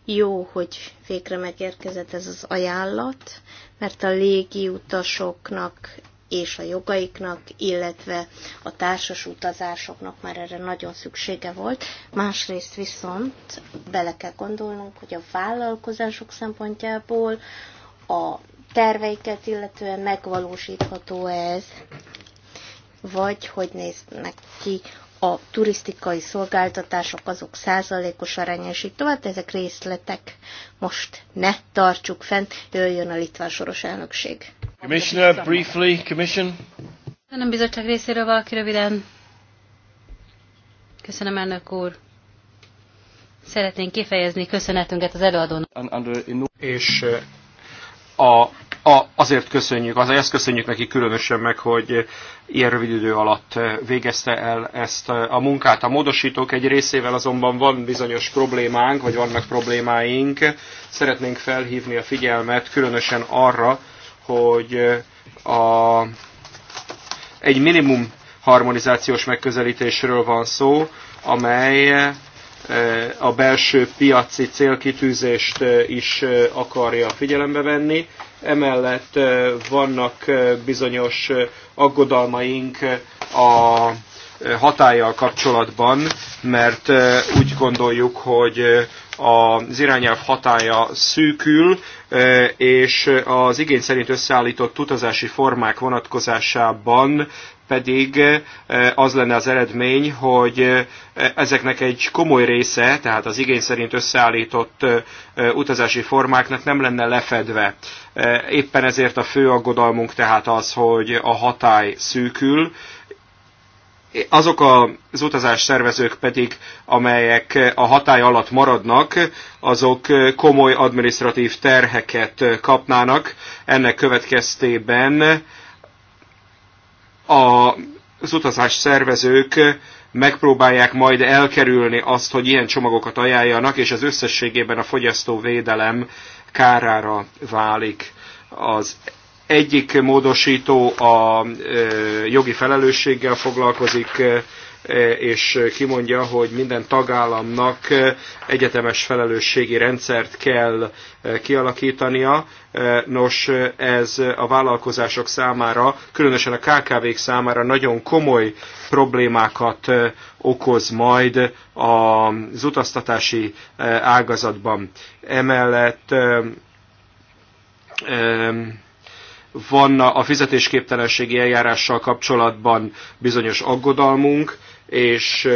Jó, hogy végre megérkezett ez az ajánlat, mert a légi utasoknak és a jogaiknak, illetve a társas utazásoknak már erre nagyon szüksége volt. Másrészt viszont bele kell gondolnunk, hogy a vállalkozások szempontjából a terveiket illetően megvalósítható ez, vagy hogy néznek ki a turisztikai szolgáltatások azok százalékos aránya, és így tovább, de ezek részletek. Most ne tartsuk fent,
jöjjön a litván soros elnökség.
Commissioner, briefly, commission.
Köszönöm bizottság részéről valaki röviden. Köszönöm elnök úr. Szeretnénk kifejezni köszönetünket az előadónak.
És a, a, azért köszönjük, azért köszönjük neki különösen meg, hogy ilyen rövid idő alatt végezte el ezt a munkát. A módosítók egy részével azonban van bizonyos problémánk, vagy vannak problémáink. Szeretnénk felhívni a figyelmet különösen arra, hogy a, egy minimum harmonizációs megközelítésről van szó, amely a belső piaci célkitűzést is akarja figyelembe venni. Emellett vannak bizonyos aggodalmaink a hatállyal kapcsolatban, mert úgy gondoljuk, hogy az irányelv hatája szűkül, és az igény szerint összeállított utazási formák vonatkozásában pedig eh, az lenne az eredmény, hogy eh, ezeknek egy komoly része, tehát az igény szerint összeállított eh, utazási formáknak nem lenne lefedve. Éppen ezért a fő aggodalmunk tehát az, hogy a hatály szűkül, azok az utazás szervezők pedig, amelyek a hatály alatt maradnak, azok komoly administratív terheket kapnának. Ennek következtében az utazás szervezők megpróbálják majd elkerülni azt, hogy ilyen csomagokat ajánljanak, és az összességében a fogyasztó védelem kárára válik. Az egyik módosító a jogi felelősséggel foglalkozik, E, és kimondja, hogy minden tagállamnak e, egyetemes felelősségi rendszert kell e, kialakítania. Nos, ez a vállalkozások számára, különösen a KKV-k számára nagyon komoly problémákat okoz majd az utaztatási ágazatban. Emellett van a fizetésképtelenségi eljárással kapcsolatban bizonyos aggodalmunk, és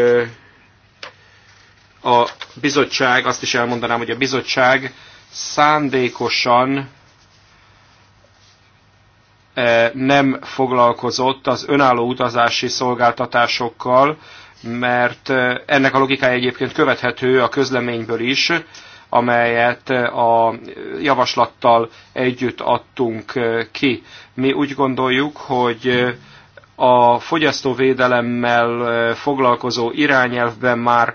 a bizottság, azt is elmondanám, hogy a bizottság szándékosan nem foglalkozott az önálló utazási szolgáltatásokkal, mert ennek a logikája egyébként követhető a közleményből is, amelyet a javaslattal együtt adtunk ki. Mi úgy gondoljuk, hogy a fogyasztóvédelemmel foglalkozó irányelvben már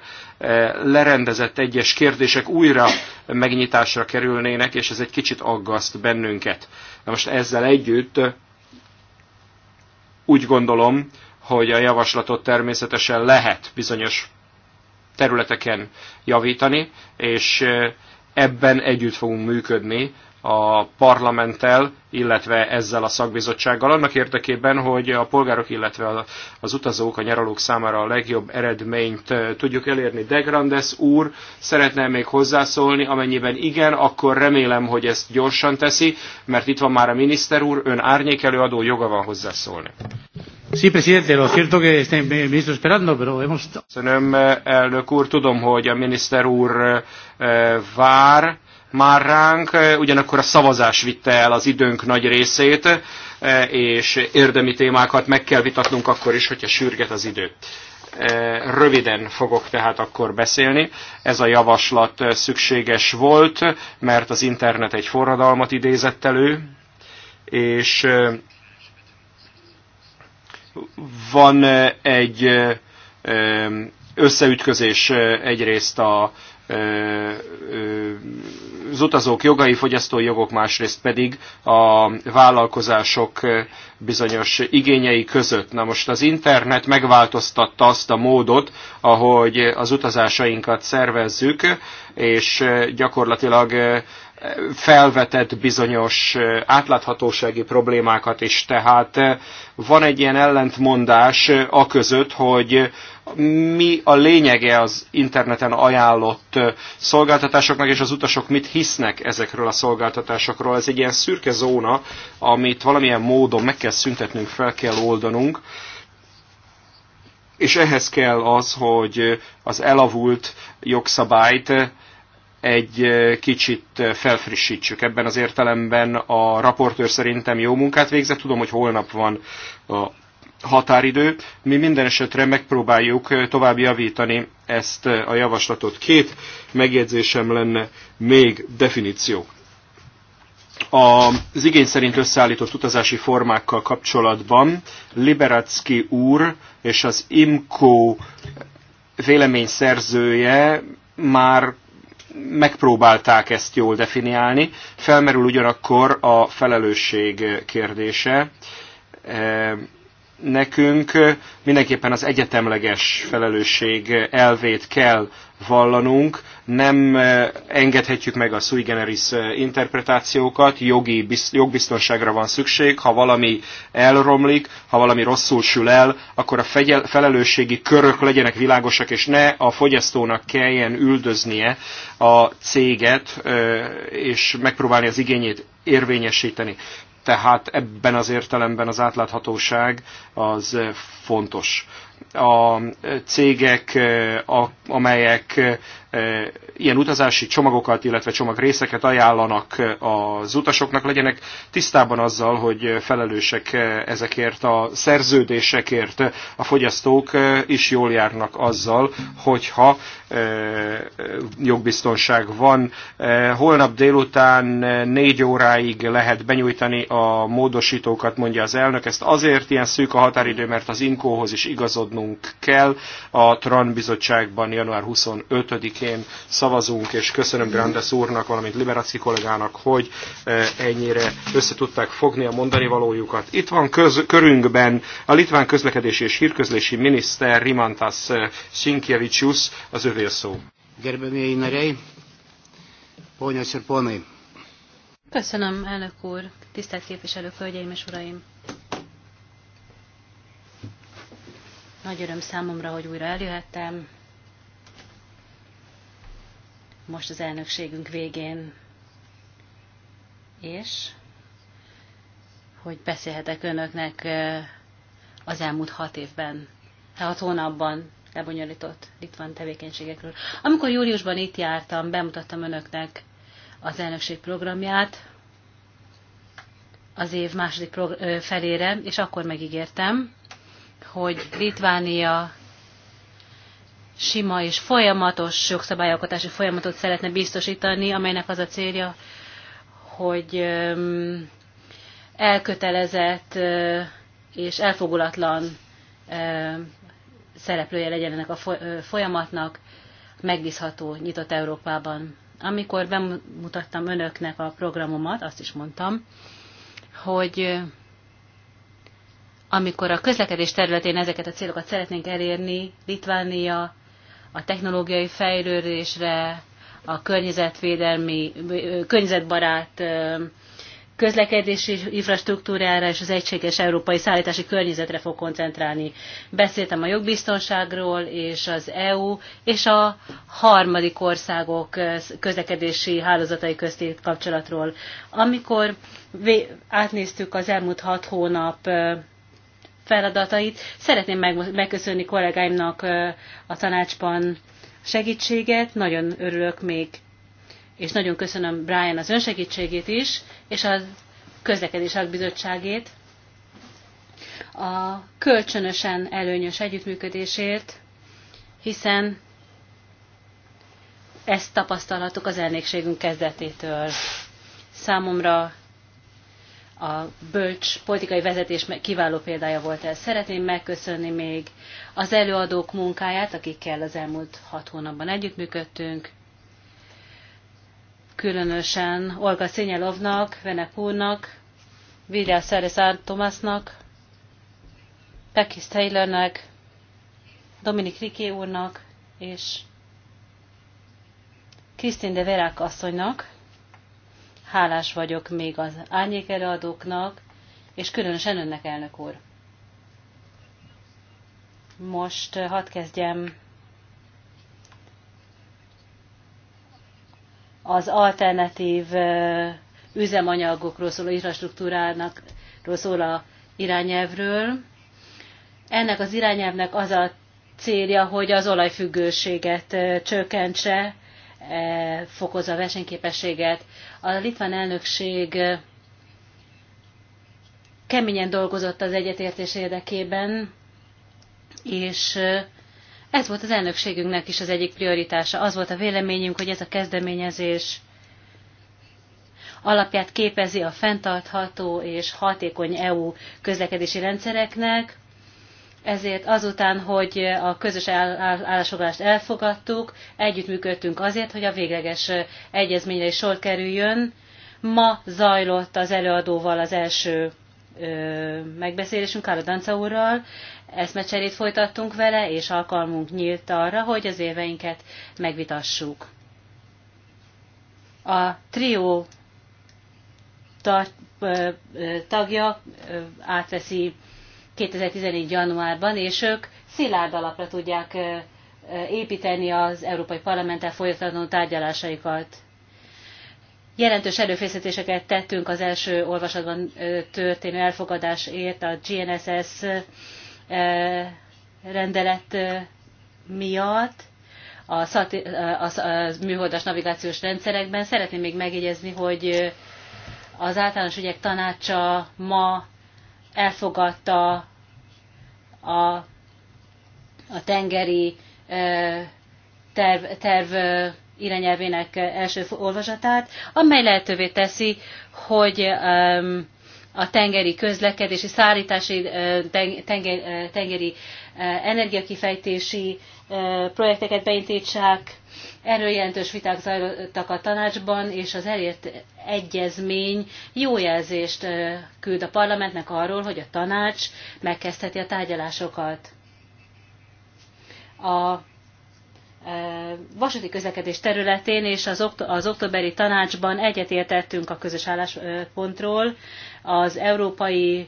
lerendezett egyes kérdések újra megnyitásra kerülnének, és ez egy kicsit aggaszt bennünket. Na most ezzel együtt úgy gondolom, hogy a javaslatot természetesen lehet bizonyos területeken javítani, és ebben együtt fogunk működni a parlamenttel, illetve ezzel a szakbizottsággal, annak érdekében, hogy a polgárok, illetve az utazók, a nyaralók számára a legjobb eredményt tudjuk elérni. De Grandes úr szeretne még hozzászólni, amennyiben igen, akkor remélem, hogy ezt gyorsan teszi, mert itt van már a miniszter úr, ön árnyékelőadó joga van hozzászólni.
Sí, presidente, lo cierto que este ministro esperando, pero hemos...
Köszönöm, elnök úr, tudom, hogy a miniszter úr vár, már ránk, ugyanakkor a szavazás vitte el az időnk nagy részét, és érdemi témákat meg kell vitatnunk akkor is, hogyha sürget az idő. Röviden fogok tehát akkor beszélni. Ez a javaslat szükséges volt, mert az internet egy forradalmat idézett elő, és van egy összeütközés egyrészt a az utazók jogai, fogyasztói jogok, másrészt pedig a vállalkozások bizonyos igényei között. Na most az internet megváltoztatta azt a módot, ahogy az utazásainkat szervezzük, és gyakorlatilag felvetett bizonyos átláthatósági problémákat is. Tehát van egy ilyen ellentmondás a között, hogy mi a lényege az interneten ajánlott szolgáltatásoknak, és az utasok mit hisznek ezekről a szolgáltatásokról. Ez egy ilyen szürke zóna, amit valamilyen módon meg kell szüntetnünk, fel kell oldanunk, és ehhez kell az, hogy az elavult jogszabályt egy kicsit felfrissítsük. Ebben az értelemben a raportőr szerintem jó munkát végzett. Tudom, hogy holnap van a határidő. Mi minden esetre megpróbáljuk eh, tovább javítani ezt eh, a javaslatot. Két megjegyzésem lenne még definíció Az igény szerint összeállított utazási formákkal kapcsolatban Liberacki úr és az IMCO vélemény szerzője már megpróbálták ezt jól definiálni. Felmerül ugyanakkor a felelősség kérdése eh, nekünk mindenképpen az egyetemleges felelősség elvét kell vallanunk, nem engedhetjük meg a sui generis interpretációkat, jogi, jogbiztonságra van szükség, ha valami elromlik, ha valami rosszul sül el, akkor a fegyel, felelősségi körök legyenek világosak, és ne a fogyasztónak kelljen üldöznie a céget, és megpróbálni az igényét érvényesíteni tehát ebben az értelemben az átláthatóság az fontos. A cégek, amelyek ilyen utazási csomagokat, illetve csomagrészeket ajánlanak az utasoknak, legyenek tisztában azzal, hogy felelősek ezekért a szerződésekért. A fogyasztók is jól járnak azzal, hogyha e, jogbiztonság van. E, holnap délután négy óráig lehet benyújtani a módosítókat, mondja az elnök. Ezt azért ilyen szűk a határidő, mert az inkóhoz is igazodnunk kell. A TRAN bizottságban január 25-én szavazunk, és köszönöm Grandes úrnak, valamint Liberaci kollégának, hogy e, ennyire összetudták fogni a mondani valójukat. Itt van köz, körünkben a litván közlekedési és hírközlési miniszter Rimantas e, Sinkevicius, az övé szó.
Köszönöm, elnök úr, tisztelt képviselők, hölgyeim és uraim. Nagy öröm számomra, hogy újra eljöhettem, most az elnökségünk végén, és hogy beszélhetek önöknek eh, az elmúlt hat évben, hat hónapban lebonyolított litván tevékenységekről. Amikor júliusban itt jártam, bemutattam önöknek az elnökség programját az év második felére, és akkor megígértem, hogy Litvánia sima és folyamatos jogszabályalkotási folyamatot szeretne biztosítani, amelynek az a célja, hogy elkötelezett és elfogulatlan szereplője legyen ennek a folyamatnak, megbízható, nyitott Európában. Amikor bemutattam önöknek a programomat, azt is mondtam, hogy amikor a közlekedés területén ezeket a célokat szeretnénk elérni, Litvánia, a technológiai fejlődésre, a környezetvédelmi, környezetbarát közlekedési infrastruktúrára és az egységes európai szállítási környezetre fog koncentrálni. Beszéltem a jogbiztonságról és az EU és a harmadik országok közlekedési hálózatai közti kapcsolatról. Amikor átnéztük az elmúlt hat hónap feladatait. Szeretném megköszönni kollégáimnak a tanácsban segítséget, nagyon örülök még, és nagyon köszönöm Brian az önsegítségét is, és a közlekedés bizottságét a kölcsönösen előnyös együttműködésért, hiszen ezt tapasztalhatok az elnékségünk kezdetétől. Számomra a bölcs politikai vezetés kiváló példája volt ez. Szeretném megköszönni még az előadók munkáját, akikkel az elmúlt hat hónapban együttműködtünk, különösen Olga Szényelovnak, Venek úrnak, Vidya Szereszán Tomásnak, Pekis Taylornek, Dominik Riké úrnak és Krisztin de Verák asszonynak, Hálás vagyok még az árnyékelőadóknak, és különösen önnek, elnök úr. Most eh, hadd kezdjem az alternatív eh, üzemanyagokról szóló infrastruktúrának szól a irányelvről. Ennek az irányelvnek az a célja, hogy az olajfüggőséget eh, csökkentse, E, fokozza a versenyképességet. A litván elnökség e, keményen dolgozott az egyetértés érdekében, és e, ez volt az elnökségünknek is az egyik prioritása. Az volt a véleményünk, hogy ez a kezdeményezés alapját képezi a fenntartható és hatékony EU közlekedési rendszereknek, ezért azután, hogy a közös állásfoglalást elfogadtuk, együttműködtünk azért, hogy a végleges egyezményre is sor kerüljön. Ma zajlott az előadóval az első ö, megbeszélésünk, Kála Danca úrral, eszmecserét folytattunk vele, és alkalmunk nyílt arra, hogy az éveinket megvitassuk. A trió tagja átveszi 2014. januárban, és ők szilárd alapra tudják építeni az Európai Parlamenttel folytató tárgyalásaikat. Jelentős erőfészítéseket tettünk az első olvasatban történő elfogadásért a GNSS rendelet miatt a, szati, a, a, a műholdas navigációs rendszerekben. Szeretném még megjegyezni, hogy az általános ügyek tanácsa ma elfogadta a, a tengeri terv, terv irányelvének első olvasatát, amely lehetővé teszi, hogy a tengeri közlekedési, szállítási, tengeri energiakifejtési projekteket beindítsák. Erről jelentős viták zajlottak a tanácsban, és az elért egyezmény jó jelzést küld a parlamentnek arról, hogy a tanács megkezdheti a tárgyalásokat. A vasúti közlekedés területén és az, az októberi tanácsban egyetértettünk a közös álláspontról. Az európai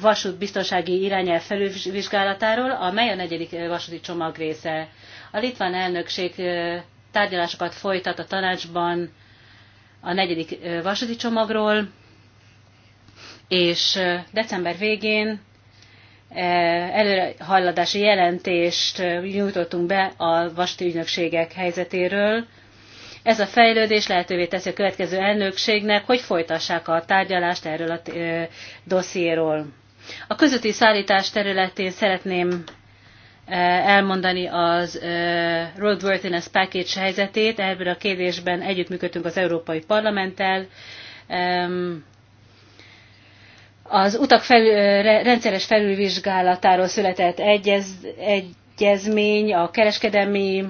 vasút biztonsági irányel felülvizsgálatáról, amely a negyedik vasúti csomag része. A litván elnökség tárgyalásokat folytat a tanácsban a negyedik vasúti csomagról, és december végén előrehajladási jelentést nyújtottunk be a vasúti ügynökségek helyzetéről, ez a fejlődés lehetővé teszi a következő elnökségnek, hogy folytassák a tárgyalást erről a dossziéról. A közúti szállítás területén szeretném elmondani az Roadworthiness Package helyzetét. Ebből a kérdésben együttműködtünk az Európai Parlamenttel. Az utak felül, rendszeres felülvizsgálatáról született egyez, egyezmény, a kereskedelmi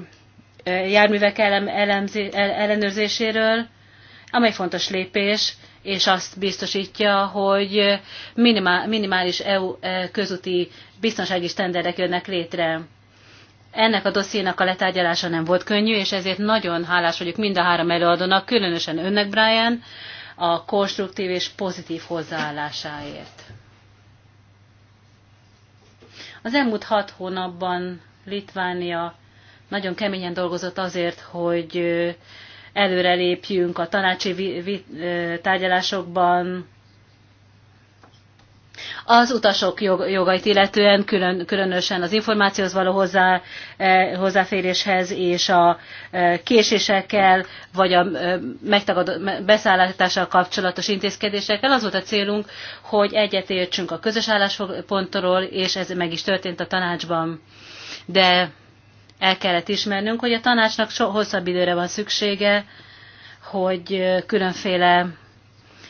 járművek ellenőrzéséről, amely fontos lépés, és azt biztosítja, hogy minimális EU közúti biztonsági standardek jönnek létre. Ennek a dossziénak a letárgyalása nem volt könnyű, és ezért nagyon hálás vagyok mind a három előadónak, különösen önnek, Brian, a konstruktív és pozitív hozzáállásáért. Az elmúlt hat hónapban Litvánia nagyon keményen dolgozott azért, hogy előrelépjünk a tanácsi tárgyalásokban, az utasok jog, jogait illetően, külön, különösen az információhoz való hozzá, eh, hozzáféréshez és a eh, késésekkel, vagy a eh, megtagadott beszállítással kapcsolatos intézkedésekkel. Az volt a célunk, hogy egyetértsünk a közös állásponttól, és ez meg is történt a tanácsban. De el kellett ismernünk, hogy a tanácsnak so hosszabb időre van szüksége, hogy különféle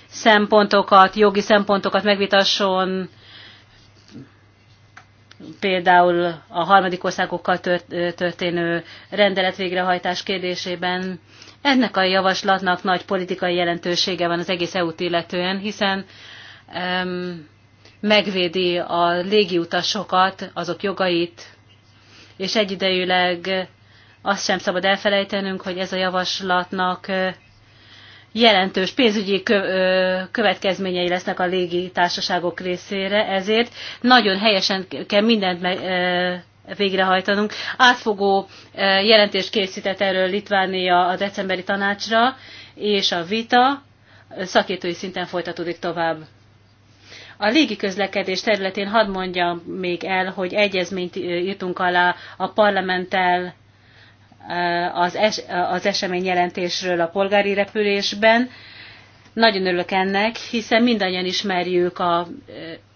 szempontokat, jogi szempontokat megvitasson, például a harmadik országokkal történő rendelet végrehajtás kérdésében. Ennek a javaslatnak nagy politikai jelentősége van az egész EU-t illetően, hiszen um, megvédi a légiutasokat, azok jogait, és egyidejűleg azt sem szabad elfelejtenünk, hogy ez a javaslatnak jelentős pénzügyi következményei lesznek a társaságok részére, ezért nagyon helyesen kell mindent meg, végrehajtanunk. Átfogó jelentést készített erről Litvánia a decemberi tanácsra, és a vita szakértői szinten folytatódik tovább. A légi közlekedés területén hadd mondjam még el, hogy egyezményt írtunk alá a parlamenttel az, es, az eseményjelentésről a polgári repülésben. Nagyon örülök ennek, hiszen mindannyian ismerjük a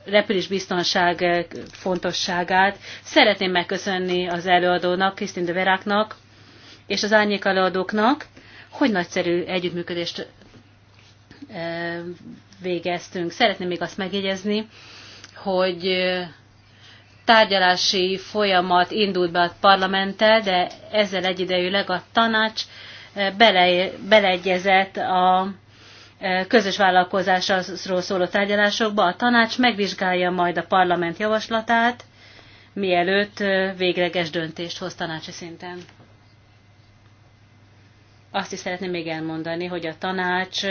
repülés biztonság fontosságát. Szeretném megköszönni az előadónak, Krisztin Deveráknak és az árnyék előadóknak, hogy nagyszerű együttműködést végeztünk. Szeretném még azt megjegyezni, hogy tárgyalási folyamat indult be a parlamenttel, de ezzel egyidejűleg a tanács bele, beleegyezett a közös vállalkozásról szóló tárgyalásokba. A tanács megvizsgálja majd a parlament javaslatát, mielőtt végleges döntést hoz tanácsi szinten. Azt is szeretném még elmondani, hogy a tanács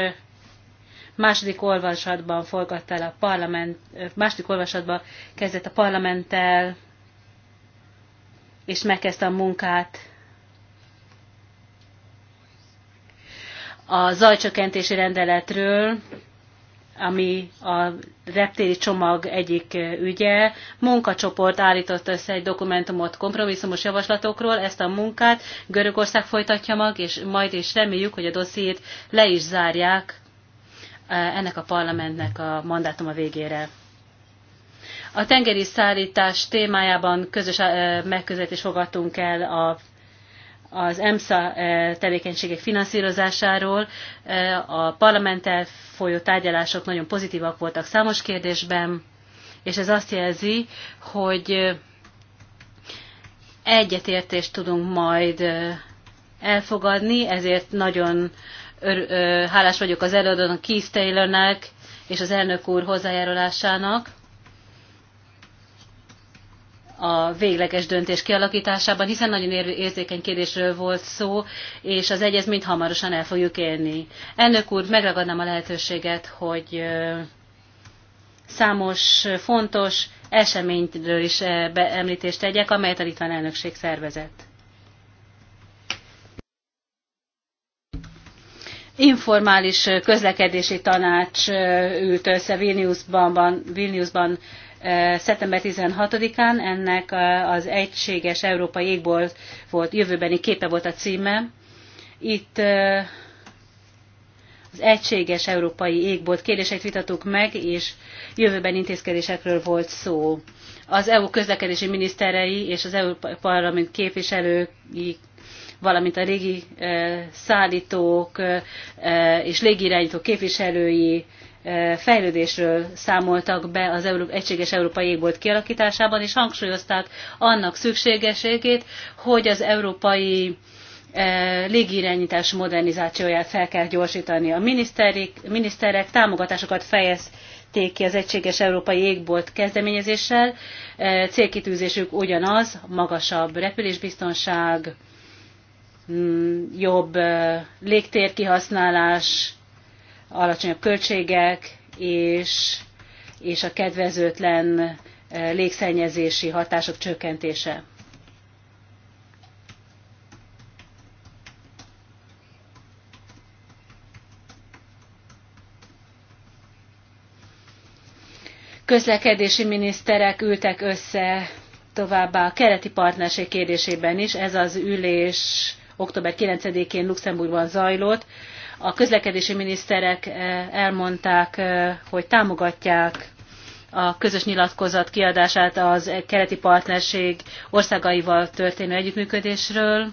második olvasatban forgatta el a parlament, második olvasatban kezdett a parlamenttel, és megkezdte a munkát. A zajcsökkentési rendeletről, ami a reptéri csomag egyik ügye, munkacsoport állított össze egy dokumentumot kompromisszumos javaslatokról, ezt a munkát Görögország folytatja mag, és majd és reméljük, hogy a dossziét le is zárják ennek a parlamentnek a mandátuma végére. A tengeri szállítás témájában közös megközelítést fogadtunk el a, az EMSA tevékenységek finanszírozásáról. A parlamenttel folyó tárgyalások nagyon pozitívak voltak számos kérdésben, és ez azt jelzi, hogy egyetértést tudunk majd elfogadni, ezért nagyon hálás vagyok az előadónak, Keith Taylornek és az elnök úr hozzájárulásának a végleges döntés kialakításában, hiszen nagyon érzékeny kérdésről volt szó, és az egyezményt hamarosan el fogjuk élni. Elnök úr, megragadnám a lehetőséget, hogy számos fontos eseményről is említést tegyek, amelyet a litván elnökség szervezett. informális közlekedési tanács ült össze Vilniusban, Vilniusban szeptember 16-án, ennek az Egységes Európai Égbolt volt, jövőbeni képe volt a címe. Itt az Egységes Európai Égbolt kérdéseit vitattuk meg, és jövőben intézkedésekről volt szó. Az EU közlekedési miniszterei és az EU parlament képviselői valamint a régi szállítók és légirányítók képviselői fejlődésről számoltak be az Euró- egységes európai égbolt kialakításában, és hangsúlyozták annak szükségességét, hogy az európai légirányítás modernizációját fel kell gyorsítani. A miniszterek támogatásokat fejezték ki az egységes európai égbolt kezdeményezéssel. Célkitűzésük ugyanaz, magasabb repülésbiztonság, Mm, jobb légtérkihasználás, alacsonyabb költségek és, és a kedvezőtlen légszennyezési hatások csökkentése. Közlekedési miniszterek ültek össze továbbá a keleti partnerség kérdésében is. Ez az ülés október 9-én Luxemburgban zajlott. A közlekedési miniszterek eh, elmondták, eh, hogy támogatják a közös nyilatkozat kiadását az keleti partnerség országaival történő együttműködésről.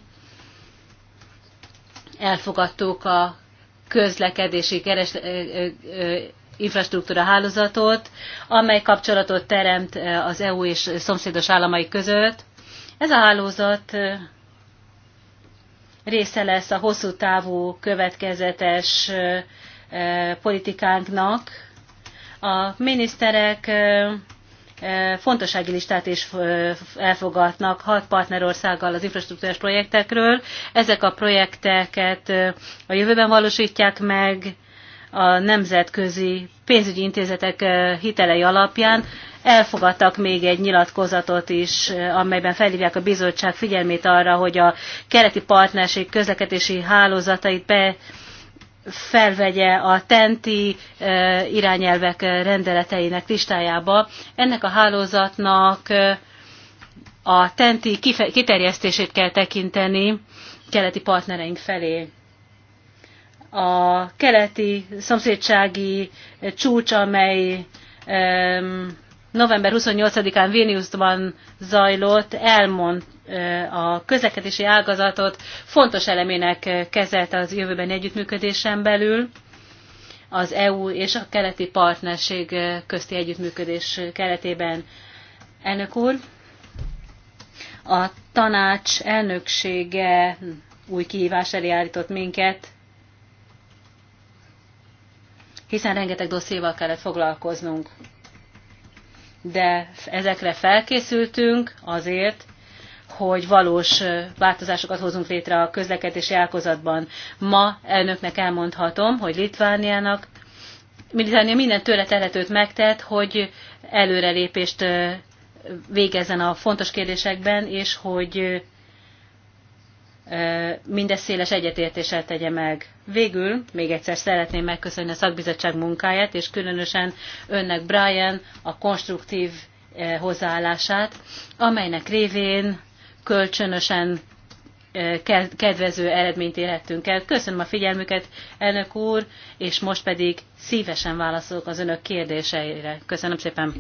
Elfogadtuk a közlekedési keres, eh, infrastruktúra hálózatot, amely kapcsolatot teremt az EU és szomszédos államai között. Ez a hálózat része lesz a hosszú távú következetes politikánknak. A miniszterek fontossági listát is elfogadnak hat partnerországgal az infrastruktúrás projektekről. Ezek a projekteket a jövőben valósítják meg a nemzetközi pénzügyi intézetek hitelei alapján elfogadtak még egy nyilatkozatot is, amelyben felhívják a bizottság figyelmét arra, hogy a keleti partnerség közlekedési hálózatait be felvegye a tenti irányelvek rendeleteinek listájába. Ennek a hálózatnak a tenti kiterjesztését kell tekinteni keleti partnereink felé. A keleti szomszédsági csúcs, amely november 28-án Vilniusban zajlott, elmond a közlekedési ágazatot fontos elemének kezelte az jövőben együttműködésen belül az EU és a keleti partnerség közti együttműködés keretében. Elnök úr, a tanács elnöksége új kihívás elé állított minket, hiszen rengeteg dosszéval kellett foglalkoznunk de ezekre felkészültünk azért, hogy valós változásokat hozunk létre a közlekedési ágazatban. Ma elnöknek elmondhatom, hogy Litvániának Litvánia minden tőle telhetőt megtett, hogy előrelépést végezzen a fontos kérdésekben, és hogy mindez széles egyetértéssel tegye meg. Végül még egyszer szeretném megköszönni a szakbizottság munkáját, és különösen önnek, Brian, a konstruktív hozzáállását, amelynek révén kölcsönösen kedvező eredményt érhettünk el. Köszönöm a figyelmüket, elnök úr, és most pedig szívesen válaszolok az önök kérdéseire. Köszönöm szépen.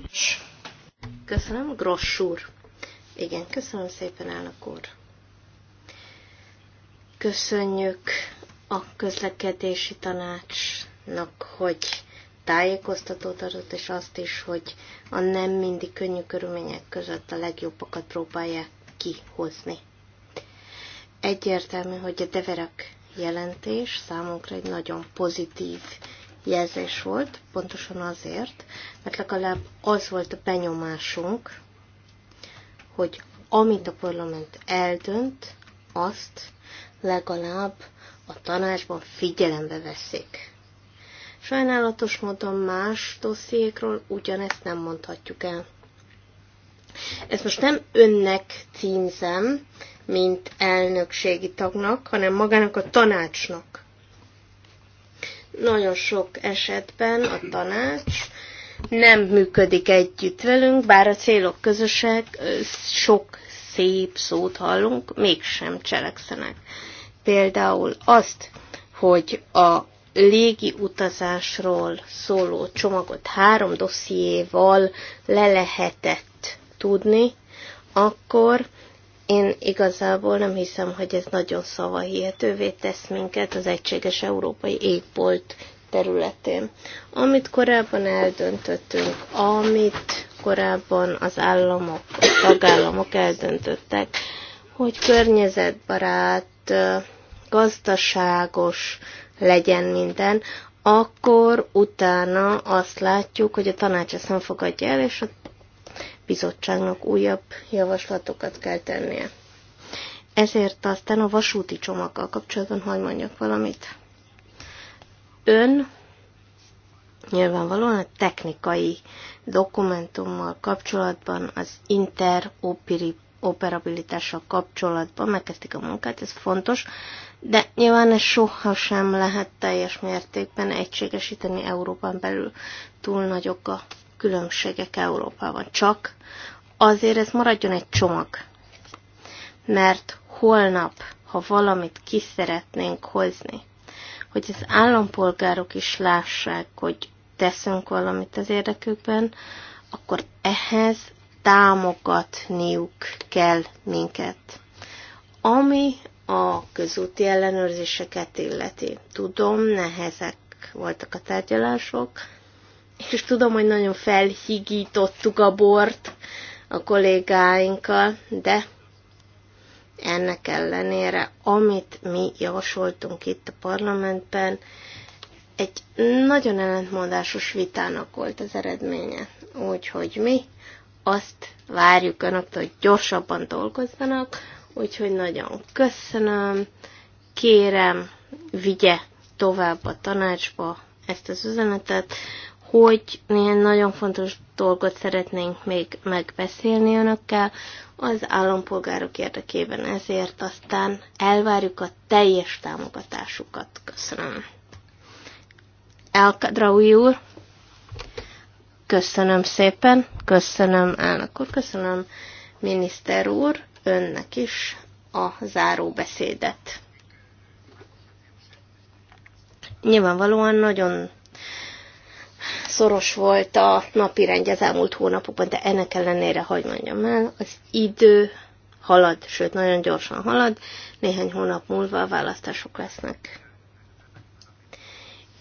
Köszönöm, Gross úr. Igen, köszönöm szépen, elnök úr.
Köszönjük a közlekedési tanácsnak, hogy tájékoztatót adott, és azt is, hogy a nem mindig könnyű körülmények között a legjobbakat próbálják kihozni. Egyértelmű, hogy a Deverak jelentés számunkra egy nagyon pozitív jelzés volt, pontosan azért, mert legalább az volt a benyomásunk, hogy amit a parlament eldönt, azt legalább a tanácsban figyelembe veszik. Sajnálatos módon más dossziékról ugyanezt nem mondhatjuk el. Ezt most nem önnek címzem, mint elnökségi tagnak, hanem magának a tanácsnak. Nagyon sok esetben a tanács nem működik együtt velünk, bár a célok közösek, sok szép szót hallunk, mégsem cselekszenek. Például azt, hogy a légi utazásról szóló csomagot három dossziéval le lehetett tudni, akkor én igazából nem hiszem, hogy ez nagyon szavahihetővé tesz minket az egységes európai égbolt területén. Amit korábban eldöntöttünk, amit korábban az államok, a tagállamok eldöntöttek, hogy környezetbarát, gazdaságos legyen minden, akkor utána azt látjuk, hogy a tanács ezt nem fogadja el, és a bizottságnak újabb javaslatokat kell tennie. Ezért aztán a vasúti csomaggal kapcsolatban hagy mondjak valamit. Ön Nyilvánvalóan a technikai dokumentummal kapcsolatban, az interoperabilitással kapcsolatban megkezdik a munkát, ez fontos, de nyilván ez soha sem lehet teljes mértékben egységesíteni Európán belül. Túl nagyok a különbségek Európában. Csak azért ez maradjon egy csomag. Mert holnap, ha valamit ki szeretnénk hozni, hogy az állampolgárok is lássák, hogy teszünk valamit az érdekükben, akkor ehhez támogatniuk kell minket. Ami a közúti ellenőrzéseket illeti. Tudom, nehezek voltak a tárgyalások, és tudom, hogy nagyon felhigítottuk a bort a kollégáinkkal, de ennek ellenére, amit mi javasoltunk itt a parlamentben, egy nagyon ellentmondásos vitának volt az eredménye. Úgyhogy mi azt várjuk önöktől, hogy gyorsabban dolgozzanak, úgyhogy nagyon köszönöm, kérem, vigye tovább a tanácsba ezt az üzenetet, hogy milyen nagyon fontos dolgot szeretnénk még megbeszélni önökkel az állampolgárok érdekében, ezért aztán elvárjuk a teljes támogatásukat. Köszönöm. Elkadraui úr. Köszönöm szépen, köszönöm elnök úr, köszönöm miniszter úr, önnek is a záró beszédet. Nyilvánvalóan nagyon szoros volt a napi rendje az elmúlt hónapokban, de ennek ellenére, hogy mondjam el, az idő halad, sőt nagyon gyorsan halad, néhány hónap múlva a választások lesznek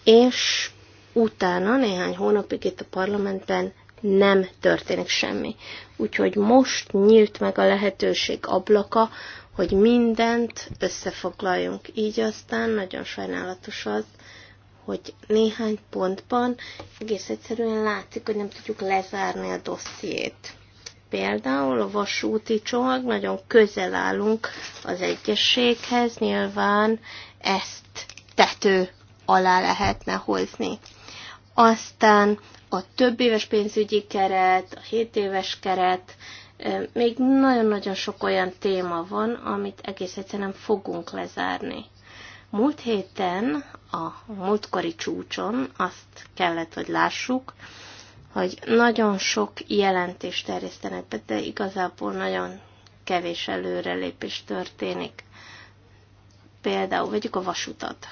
és utána néhány hónapig itt a parlamentben nem történik semmi. Úgyhogy most nyílt meg a lehetőség ablaka, hogy mindent összefoglaljunk. Így aztán nagyon sajnálatos az, hogy néhány pontban egész egyszerűen látszik, hogy nem tudjuk lezárni a dossziét. Például a vasúti csomag, nagyon közel állunk az egyességhez, nyilván ezt tető alá lehetne hozni. Aztán a több éves pénzügyi keret, a 7 éves keret, még nagyon-nagyon sok olyan téma van, amit egész egyszerűen fogunk lezárni. Múlt héten, a múltkori csúcson azt kellett, hogy lássuk, hogy nagyon sok jelentést terjesztenek be, de igazából nagyon kevés előrelépés történik. Például vegyük a vasutat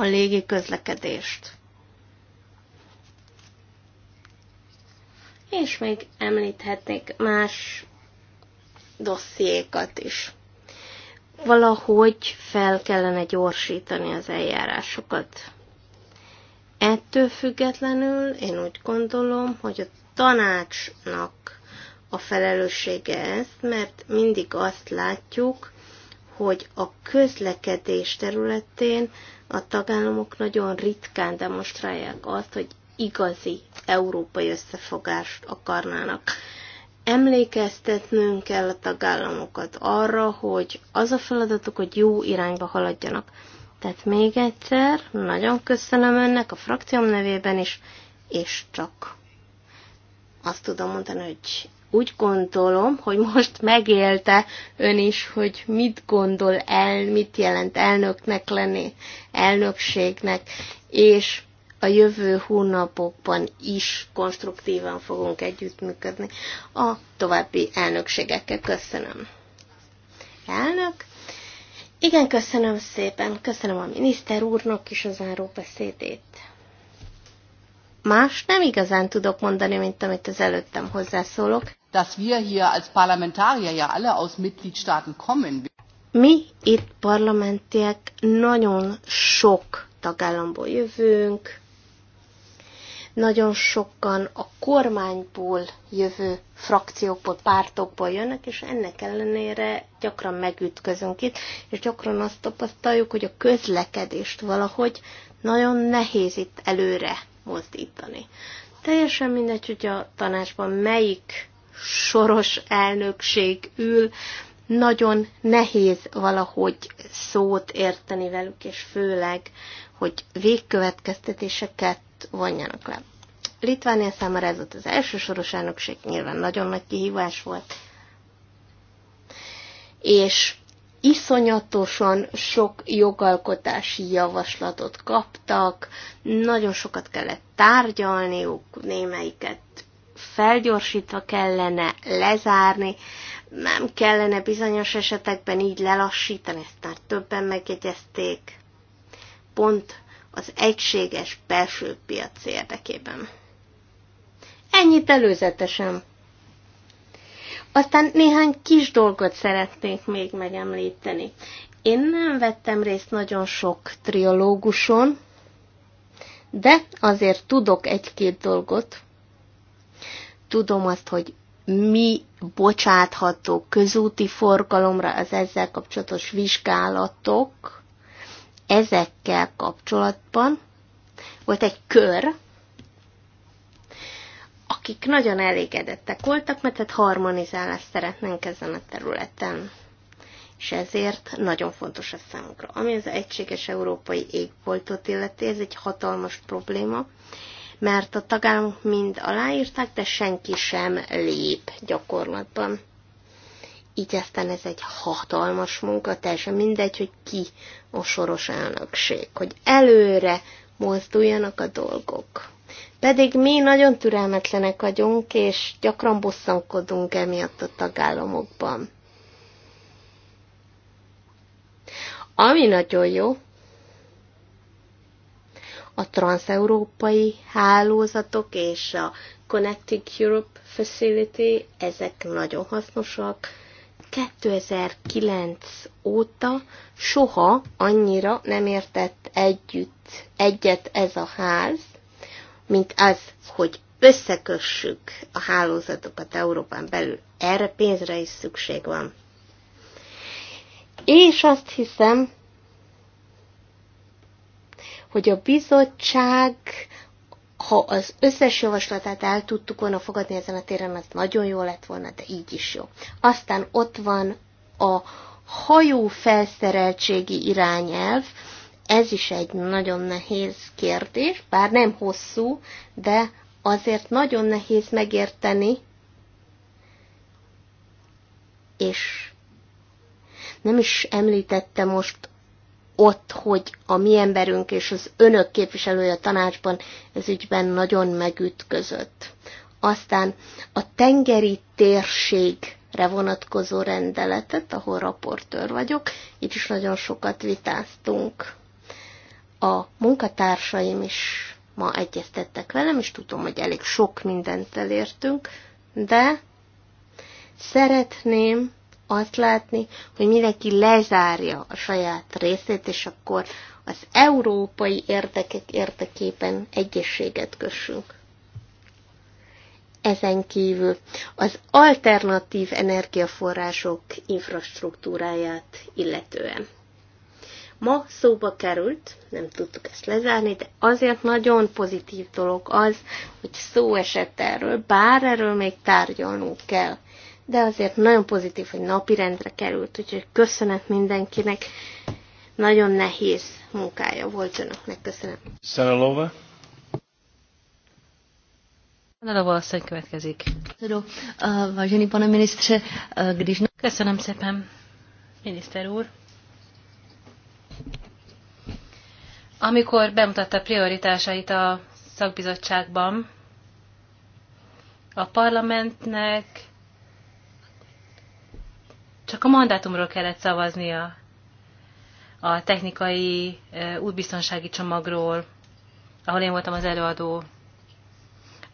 a légi közlekedést. És még említhetnék más dossziékat is. Valahogy fel kellene gyorsítani az eljárásokat. Ettől függetlenül én úgy gondolom, hogy a tanácsnak a felelőssége ez, mert mindig azt látjuk, hogy a közlekedés területén a tagállamok nagyon ritkán demonstrálják azt, hogy igazi európai összefogást akarnának. Emlékeztetnünk kell a tagállamokat arra, hogy az a feladatuk, hogy jó irányba haladjanak. Tehát még egyszer, nagyon köszönöm önnek a frakcióm nevében is, és csak azt tudom mondani, hogy úgy gondolom, hogy most megélte ön is, hogy mit gondol el, mit jelent elnöknek lenni, elnökségnek, és a jövő hónapokban is konstruktívan fogunk együttműködni a további elnökségekkel. Köszönöm. Elnök? Igen, köszönöm szépen. Köszönöm a miniszter úrnak is az záró beszédét. Más nem igazán tudok mondani, mint amit az előttem hozzászólok dass wir hier als Parlamentarier ja alle
aus Mitgliedstaaten kommen.
Mi itt parlamentiek nagyon sok tagállamból jövünk, nagyon sokan a kormányból jövő frakciókból, pártokból jönnek, és ennek ellenére gyakran megütközünk itt, és gyakran azt tapasztaljuk, hogy a közlekedést valahogy nagyon nehéz itt előre mozdítani. Teljesen mindegy, hogy a tanácsban melyik soros elnökség ül, nagyon nehéz valahogy szót érteni velük, és főleg, hogy végkövetkeztetéseket vonjanak le. Litvánia számára ez volt az első soros elnökség, nyilván nagyon nagy kihívás volt, és iszonyatosan sok jogalkotási javaslatot kaptak, nagyon sokat kellett tárgyalniuk, némelyiket felgyorsítva kellene lezárni, nem kellene bizonyos esetekben így lelassítani, ezt már többen megjegyezték. Pont az egységes belső piac érdekében. Ennyit előzetesen. Aztán néhány kis dolgot szeretnék még megemlíteni. Én nem vettem részt nagyon sok triológuson, de azért tudok egy-két dolgot, Tudom azt, hogy mi bocsátható közúti forgalomra az ezzel kapcsolatos vizsgálatok. Ezekkel kapcsolatban volt egy kör, akik nagyon elégedettek voltak, mert hát harmonizálást szeretnénk ezen a területen. És ezért nagyon fontos a számunkra. Ami az egységes európai égboltot illeti, ez egy hatalmas probléma, mert a tagállamok mind aláírták, de senki sem lép gyakorlatban. Így aztán ez egy hatalmas munka, teljesen mindegy, hogy ki a soros elnökség, hogy előre mozduljanak a dolgok. Pedig mi nagyon türelmetlenek vagyunk, és gyakran bosszankodunk emiatt a tagállamokban. Ami nagyon jó, a transeurópai hálózatok és a Connecting Europe Facility, ezek nagyon hasznosak. 2009 óta soha annyira nem értett együtt egyet ez a ház, mint az, hogy összekössük a hálózatokat Európán belül. Erre pénzre is szükség van. És azt hiszem, hogy a bizottság, ha az összes javaslatát el tudtuk volna fogadni ezen a téren, az nagyon jó lett volna, de így is jó. Aztán ott van a hajó felszereltségi irányelv, ez is egy nagyon nehéz kérdés, bár nem hosszú, de azért nagyon nehéz megérteni, és nem is említette most ott, hogy a mi emberünk és az önök képviselője a tanácsban ez ügyben nagyon megütközött. Aztán a tengeri térségre vonatkozó rendeletet, ahol raportőr vagyok, itt is nagyon sokat vitáztunk. A munkatársaim is ma egyeztettek velem, és tudom, hogy elég sok mindent elértünk, de szeretném, azt látni, hogy mindenki lezárja a saját részét, és akkor az európai érdekek érdekében egyességet kössünk. Ezen kívül az alternatív energiaforrások infrastruktúráját illetően. Ma szóba került, nem tudtuk ezt lezárni, de azért nagyon pozitív dolog az, hogy szó esett erről, bár erről még tárgyalnunk kell de azért nagyon pozitív, hogy napirendre került, úgyhogy köszönet mindenkinek. Nagyon nehéz munkája volt önöknek, köszönöm.
Szenelova.
Szenelova asszony következik. Vážený pane ministře, když... Köszönöm szépen, miniszter úr. Amikor bemutatta prioritásait a szakbizottságban, a parlamentnek csak a mandátumról kellett szavaznia a technikai útbiztonsági csomagról, ahol én voltam az előadó,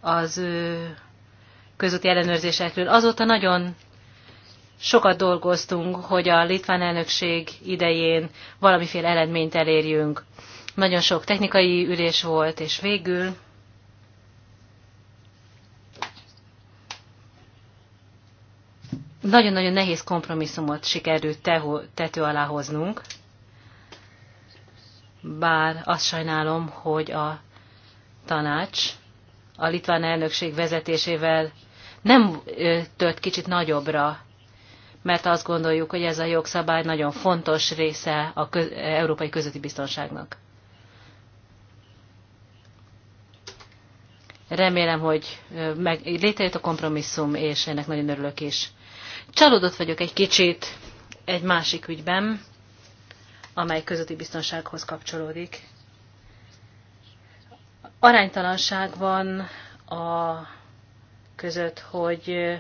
az közúti ellenőrzésekről. Azóta nagyon sokat dolgoztunk, hogy a litván elnökség idején valamiféle eredményt elérjünk. Nagyon sok technikai ülés volt, és végül nagyon-nagyon nehéz kompromisszumot sikerült tető alá hoznunk, bár azt sajnálom, hogy a tanács a litván elnökség vezetésével nem tört kicsit nagyobbra, mert azt gondoljuk, hogy ez a jogszabály nagyon fontos része a köz- európai közötti biztonságnak. Remélem, hogy meg, létrejött a kompromisszum, és ennek nagyon örülök is. Csalódott vagyok egy kicsit egy másik ügyben, amely közötti biztonsághoz kapcsolódik. Aránytalanság van a között, hogy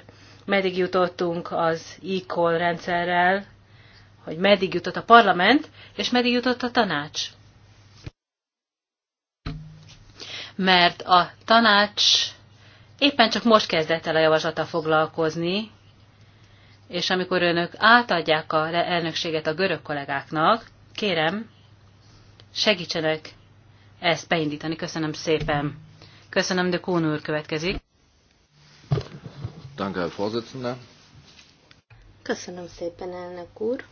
meddig jutottunk az e rendszerrel, hogy meddig jutott a parlament, és meddig jutott a tanács. Mert a tanács éppen csak most kezdett el a javaslata foglalkozni, és amikor önök átadják a elnökséget a görög kollégáknak, kérem, segítsenek ezt beindítani. Köszönöm szépen. Köszönöm, de Kón úr következik.
Köszönöm szépen, elnök úr.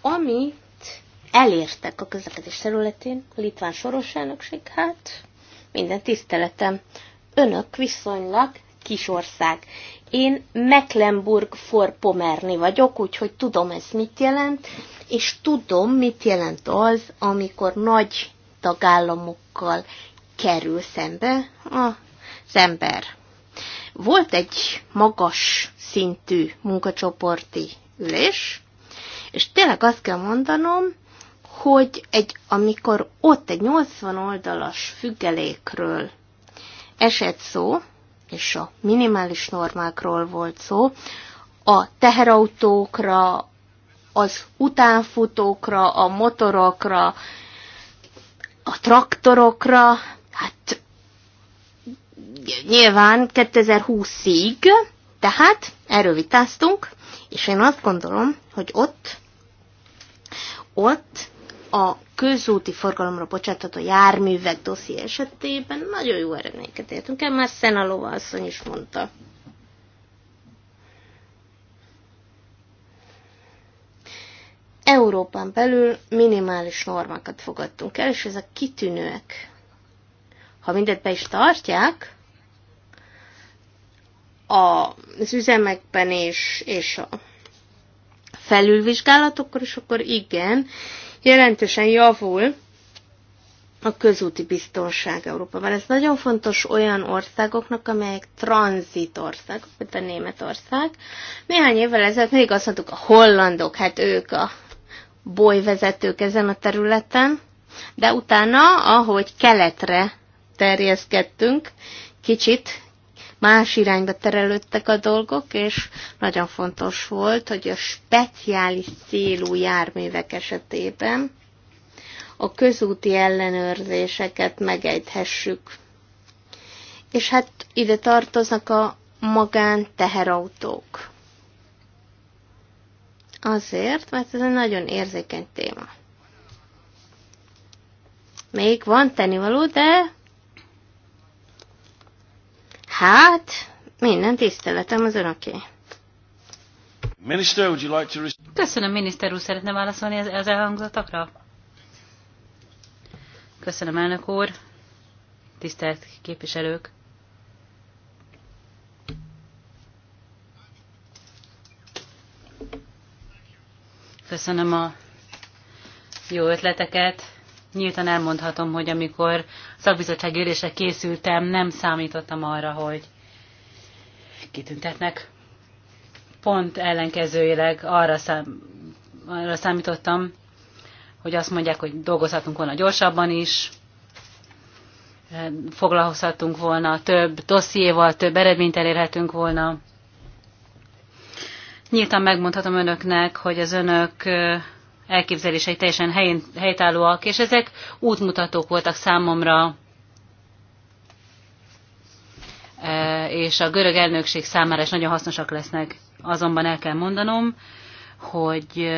Amit elértek a közlekedés területén, a litván soros elnökség, hát minden tiszteletem. Önök viszonylag kis ország. Én Mecklenburg-Vorpommerni vagyok, úgyhogy tudom ez mit jelent, és tudom, mit jelent az, amikor nagy tagállamokkal kerül szembe az ember. Volt egy magas szintű munkacsoporti ülés, és tényleg azt kell mondanom, hogy egy, amikor ott egy 80 oldalas függelékről esett szó, és a minimális normákról volt szó, a teherautókra, az utánfutókra, a motorokra, a traktorokra, hát nyilván 2020-ig, tehát erről vitáztunk, és én azt gondolom, hogy ott, ott a közúti forgalomra bocsátható járművek dosszié esetében nagyon jó eredményeket értünk el, már Szena asszony is mondta. Európán belül minimális normákat fogadtunk el, és ezek kitűnőek. Ha mindet be is tartják, az üzemekben és, és a felülvizsgálatokkor és akkor igen, jelentősen javul a közúti biztonság Európában. Ez nagyon fontos olyan országoknak, amelyek tranzitországok, mint a Németország. Néhány évvel ezelőtt még azt mondtuk, a hollandok, hát ők a bolyvezetők ezen a területen, de utána, ahogy keletre terjeszkedtünk, kicsit más irányba terelődtek a dolgok, és nagyon fontos volt, hogy a speciális célú járművek esetében a közúti ellenőrzéseket megejthessük. És hát ide tartoznak a magán teherautók. Azért, mert ez egy nagyon érzékeny téma. Még van tennivaló, de Hát, minden
tiszteletem az önöké.
Minister, would you like to...
Köszönöm, miniszter úr, szeretne válaszolni az, az elhangzatokra? Köszönöm, elnök úr. Tisztelt képviselők. Köszönöm a jó ötleteket. Nyíltan elmondhatom, hogy amikor szakbizottság ülésre készültem, nem számítottam arra, hogy kitüntetnek. Pont ellenkezőileg arra, szám, arra számítottam, hogy azt mondják, hogy dolgozhatunk volna gyorsabban is, foglalkozhatunk volna több dossziéval, több eredményt elérhetünk volna. Nyíltan megmondhatom önöknek, hogy az önök elképzelései teljesen helyén, helytállóak, és ezek útmutatók voltak számomra, és a görög elnökség számára is nagyon hasznosak lesznek. Azonban el kell mondanom, hogy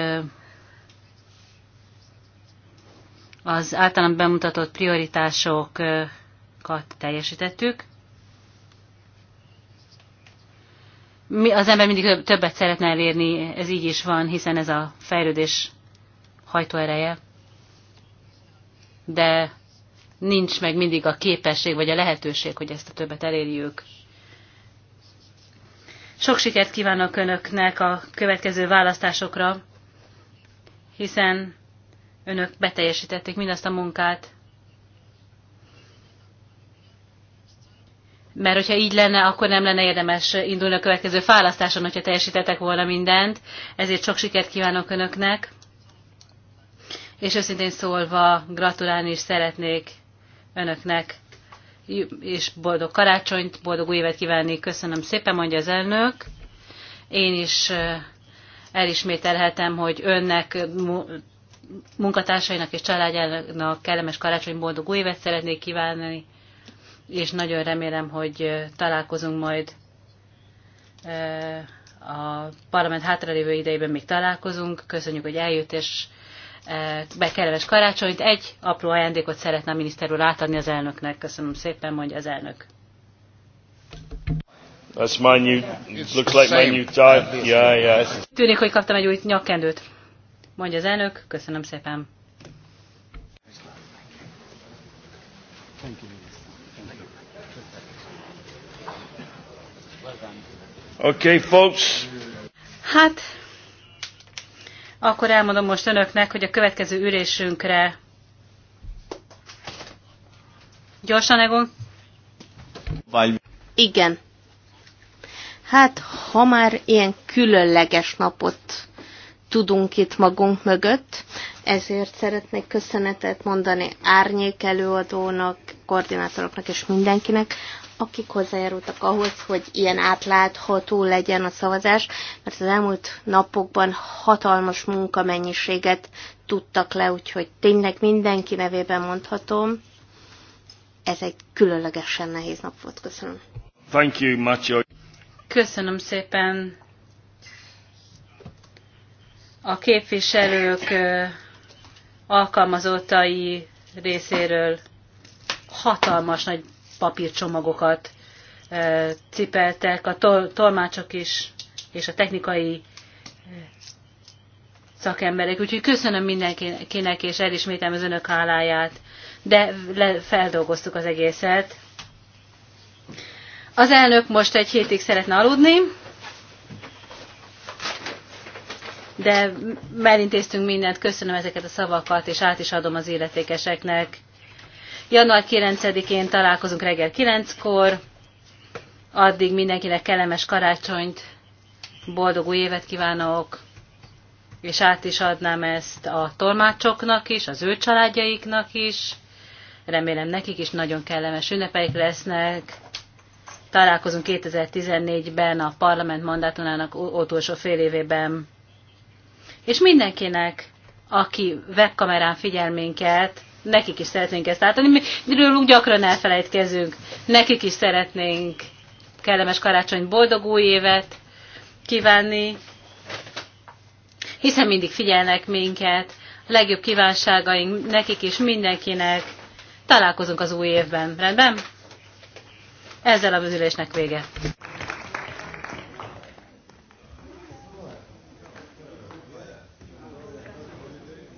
az általam bemutatott prioritásokat teljesítettük. Mi, az ember mindig többet szeretne elérni, ez így is van, hiszen ez a fejlődés hajtóereje, de nincs meg mindig a képesség vagy a lehetőség, hogy ezt a többet elérjük. Sok sikert kívánok Önöknek a következő választásokra, hiszen Önök beteljesítették mindazt a munkát, mert hogyha így lenne, akkor nem lenne érdemes indulni a következő választáson, hogyha teljesítettek volna mindent. Ezért sok sikert kívánok Önöknek és őszintén szólva gratulálni is szeretnék önöknek, és boldog karácsonyt, boldog új évet kívánni. Köszönöm szépen, mondja az elnök. Én is elismételhetem, hogy önnek, munkatársainak és családjának kellemes karácsony, boldog új évet szeretnék kívánni, és nagyon remélem, hogy találkozunk majd a parlament hátralévő idejében még találkozunk. Köszönjük, hogy eljött, és bekereves karácsonyt. Egy apró ajándékot szeretne a miniszter úr átadni az elnöknek. Köszönöm szépen, mondja az elnök.
That's my new, looks like my new tie. Yeah, yeah. Tűnik,
hogy kaptam egy új nyakkendőt. Mondja az elnök, köszönöm szépen.
Okay, folks.
Hát, akkor elmondom most önöknek, hogy a következő ülésünkre gyorsan Egon? Igen.
Hát, ha már ilyen különleges napot tudunk itt magunk mögött, ezért szeretnék köszönetet mondani árnyék előadónak, koordinátoroknak és mindenkinek, akik hozzájárultak ahhoz, hogy ilyen átlátható legyen a szavazás, mert az elmúlt napokban hatalmas munkamennyiséget tudtak le, úgyhogy tényleg mindenki nevében mondhatom,
ez egy különlegesen nehéz nap volt. Köszönöm.
Thank you, Macho.
Köszönöm szépen a képviselők alkalmazottai részéről hatalmas nagy papírcsomagokat cipeltek, a tolmácsok is, és a technikai szakemberek. Úgyhogy köszönöm mindenkinek, és elismétem az önök háláját. De le, feldolgoztuk az egészet. Az elnök most egy hétig szeretne aludni, de elintéztünk mindent, köszönöm ezeket a szavakat, és át is adom az illetékeseknek. Január 9-én találkozunk reggel 9-kor. Addig mindenkinek kellemes karácsonyt, boldog új évet kívánok, és át is adnám ezt a tolmácsoknak is, az ő családjaiknak is. Remélem nekik is nagyon kellemes ünnepeik lesznek. Találkozunk 2014-ben a parlament mandátumának utolsó fél évében. És mindenkinek, aki webkamerán figyel minket, nekik is szeretnénk ezt átadni. Mi rólunk gyakran elfelejtkezünk. Nekik is szeretnénk kellemes karácsony, boldog új évet kívánni, hiszen mindig figyelnek minket, a legjobb kívánságaink nekik és mindenkinek. Találkozunk az új évben, rendben? Ezzel a bűzülésnek vége.